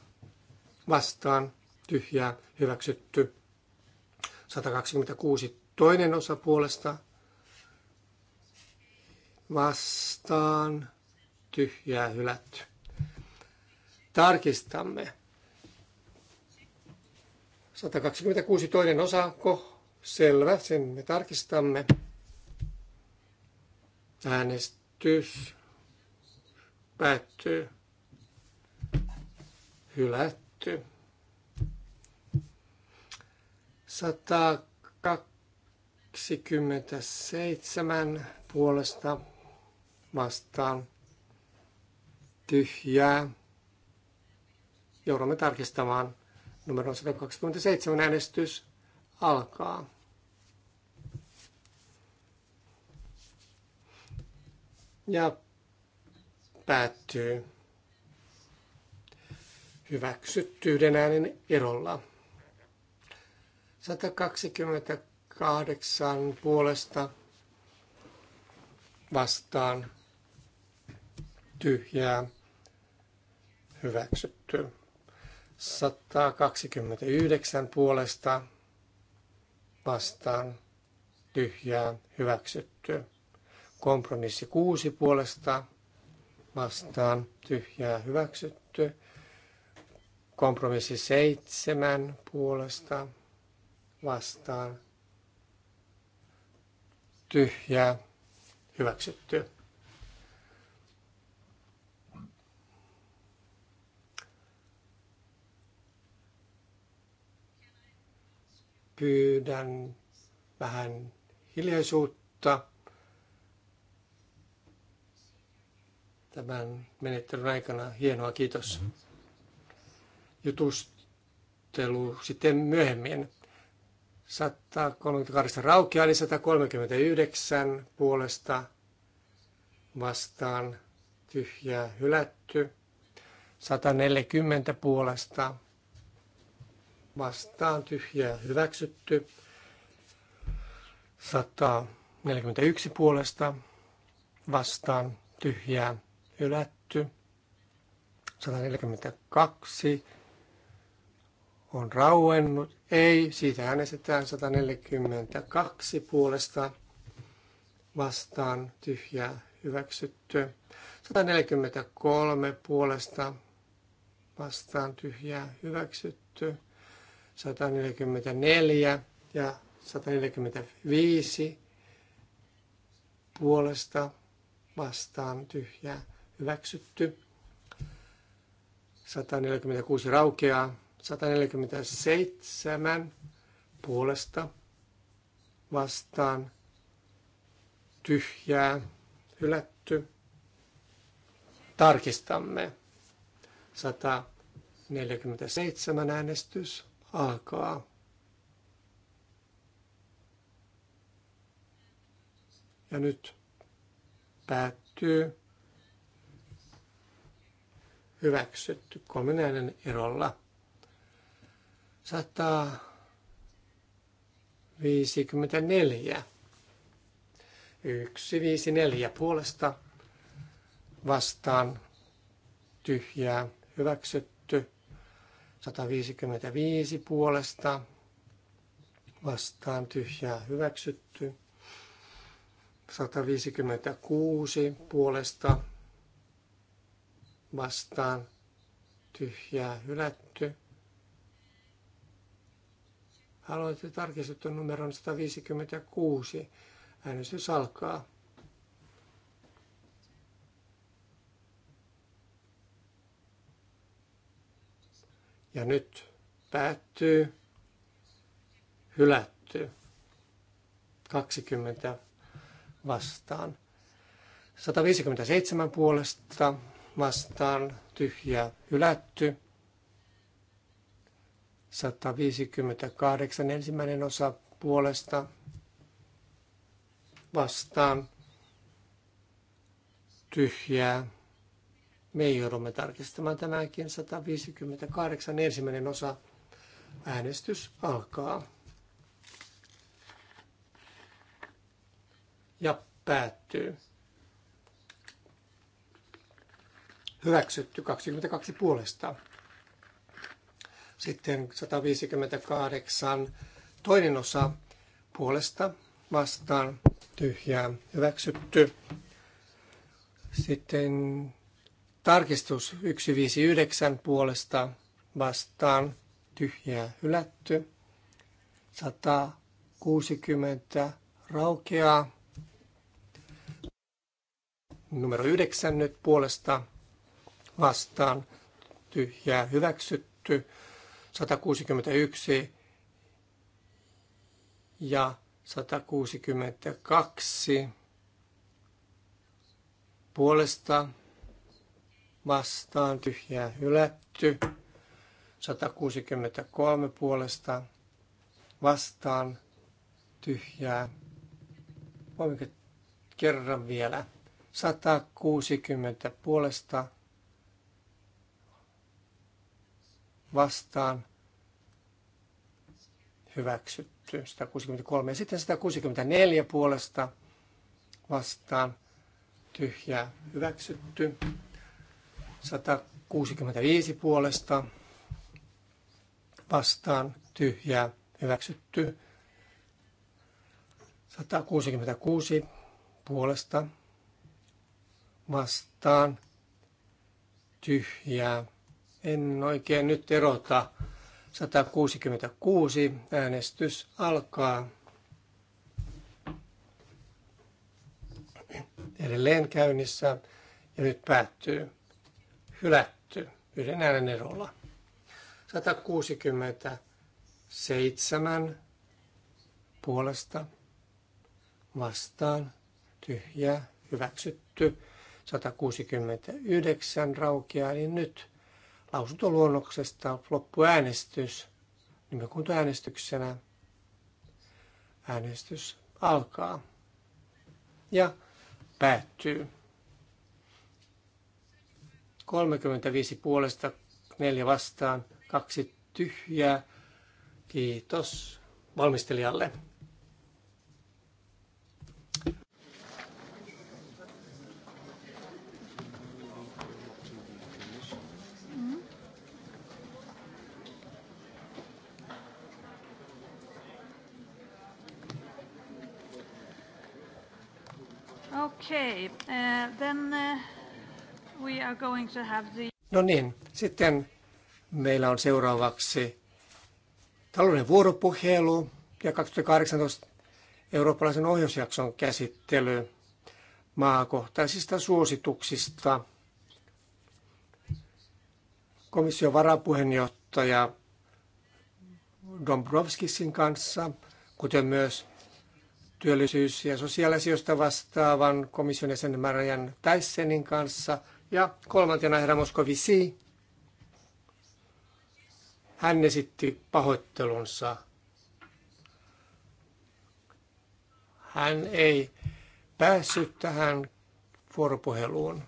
vastaan tyhjää hyväksytty. 126 toinen osa puolesta vastaan tyhjää hylätty. Tarkistamme. 126 toinen osa, ko, selvä, sen me tarkistamme. Äänestys päättyy hylätty. 127 puolesta vastaan tyhjää. Joudumme tarkistamaan. Numero 127 äänestys alkaa. Ja päättyy hyväksyttyyden äänen erolla. 128 puolesta vastaan tyhjää hyväksytty. 129 puolesta vastaan tyhjää hyväksytty. Kompromissi 6 puolesta vastaan tyhjää hyväksytty. Kompromissi seitsemän puolesta vastaan. Tyhjää. Hyväksytty. Pyydän vähän hiljaisuutta tämän menettelyn aikana. Hienoa, kiitos. Mm-hmm jutustelu sitten myöhemmin. 138 raukeaa, eli 139 puolesta vastaan tyhjää hylätty. 140 puolesta vastaan tyhjää hyväksytty. 141 puolesta vastaan tyhjää hylätty. 142 on rauennut. Ei, siitä äänestetään 142 puolesta vastaan tyhjää hyväksytty. 143 puolesta vastaan tyhjää hyväksytty. 144 ja 145 puolesta vastaan tyhjää hyväksytty. 146 raukeaa. 147 puolesta vastaan tyhjää hylätty. Tarkistamme. 147 äänestys alkaa. Ja nyt päättyy hyväksytty kolmen äänen erolla. 154. 154 puolesta vastaan tyhjää hyväksytty. 155 puolesta vastaan tyhjää hyväksytty. 156 puolesta vastaan tyhjää hylätty. Aloite tarkistettu numeron 156. Äänestys alkaa. Ja nyt päättyy, hylätty, 20 vastaan. 157 puolesta vastaan, tyhjä, hylätty. 158 ensimmäinen osa puolesta vastaan tyhjää. Me joudumme tarkistamaan tämänkin 158 ensimmäinen osa. Äänestys alkaa. Ja päättyy. Hyväksytty 22 puolesta. Sitten 158 toinen osa puolesta vastaan tyhjää hyväksytty. Sitten tarkistus 159 puolesta vastaan tyhjää hylätty. 160 raukeaa. Numero 9 nyt puolesta vastaan tyhjää hyväksytty. 161 ja 162 puolesta vastaan tyhjää hylätty. 163 puolesta vastaan tyhjää. Voimmeko kerran vielä? 160 puolesta vastaan hyväksytty 163 ja sitten 164 puolesta vastaan tyhjää hyväksytty 165 puolesta vastaan tyhjää hyväksytty 166 puolesta vastaan tyhjää en oikein nyt erota. 166 äänestys alkaa. Edelleen käynnissä ja nyt päättyy. Hylätty yhden äänen erolla. 167 puolesta vastaan tyhjä hyväksytty. 169 raukeaa, niin nyt lausuntoluonnoksesta loppuäänestys nimenkuntoäänestyksenä. Äänestys alkaa ja päättyy. 35 puolesta, 4 vastaan, kaksi tyhjää. Kiitos valmistelijalle. Okay, uh, then uh, we are going to have the... No niin, sitten meillä on seuraavaksi talouden vuoropuhelu ja 2018 eurooppalaisen ohjausjakson käsittely maakohtaisista suosituksista. Komission varapuheenjohtaja Dombrovskisin kanssa, kuten myös työllisyys- ja sosiaaliasioista vastaavan komission jäsenen Marian Tyssenin kanssa. Ja kolmantena herra Moskovisi. Hän esitti pahoittelunsa. Hän ei päässyt tähän vuoropuheluun.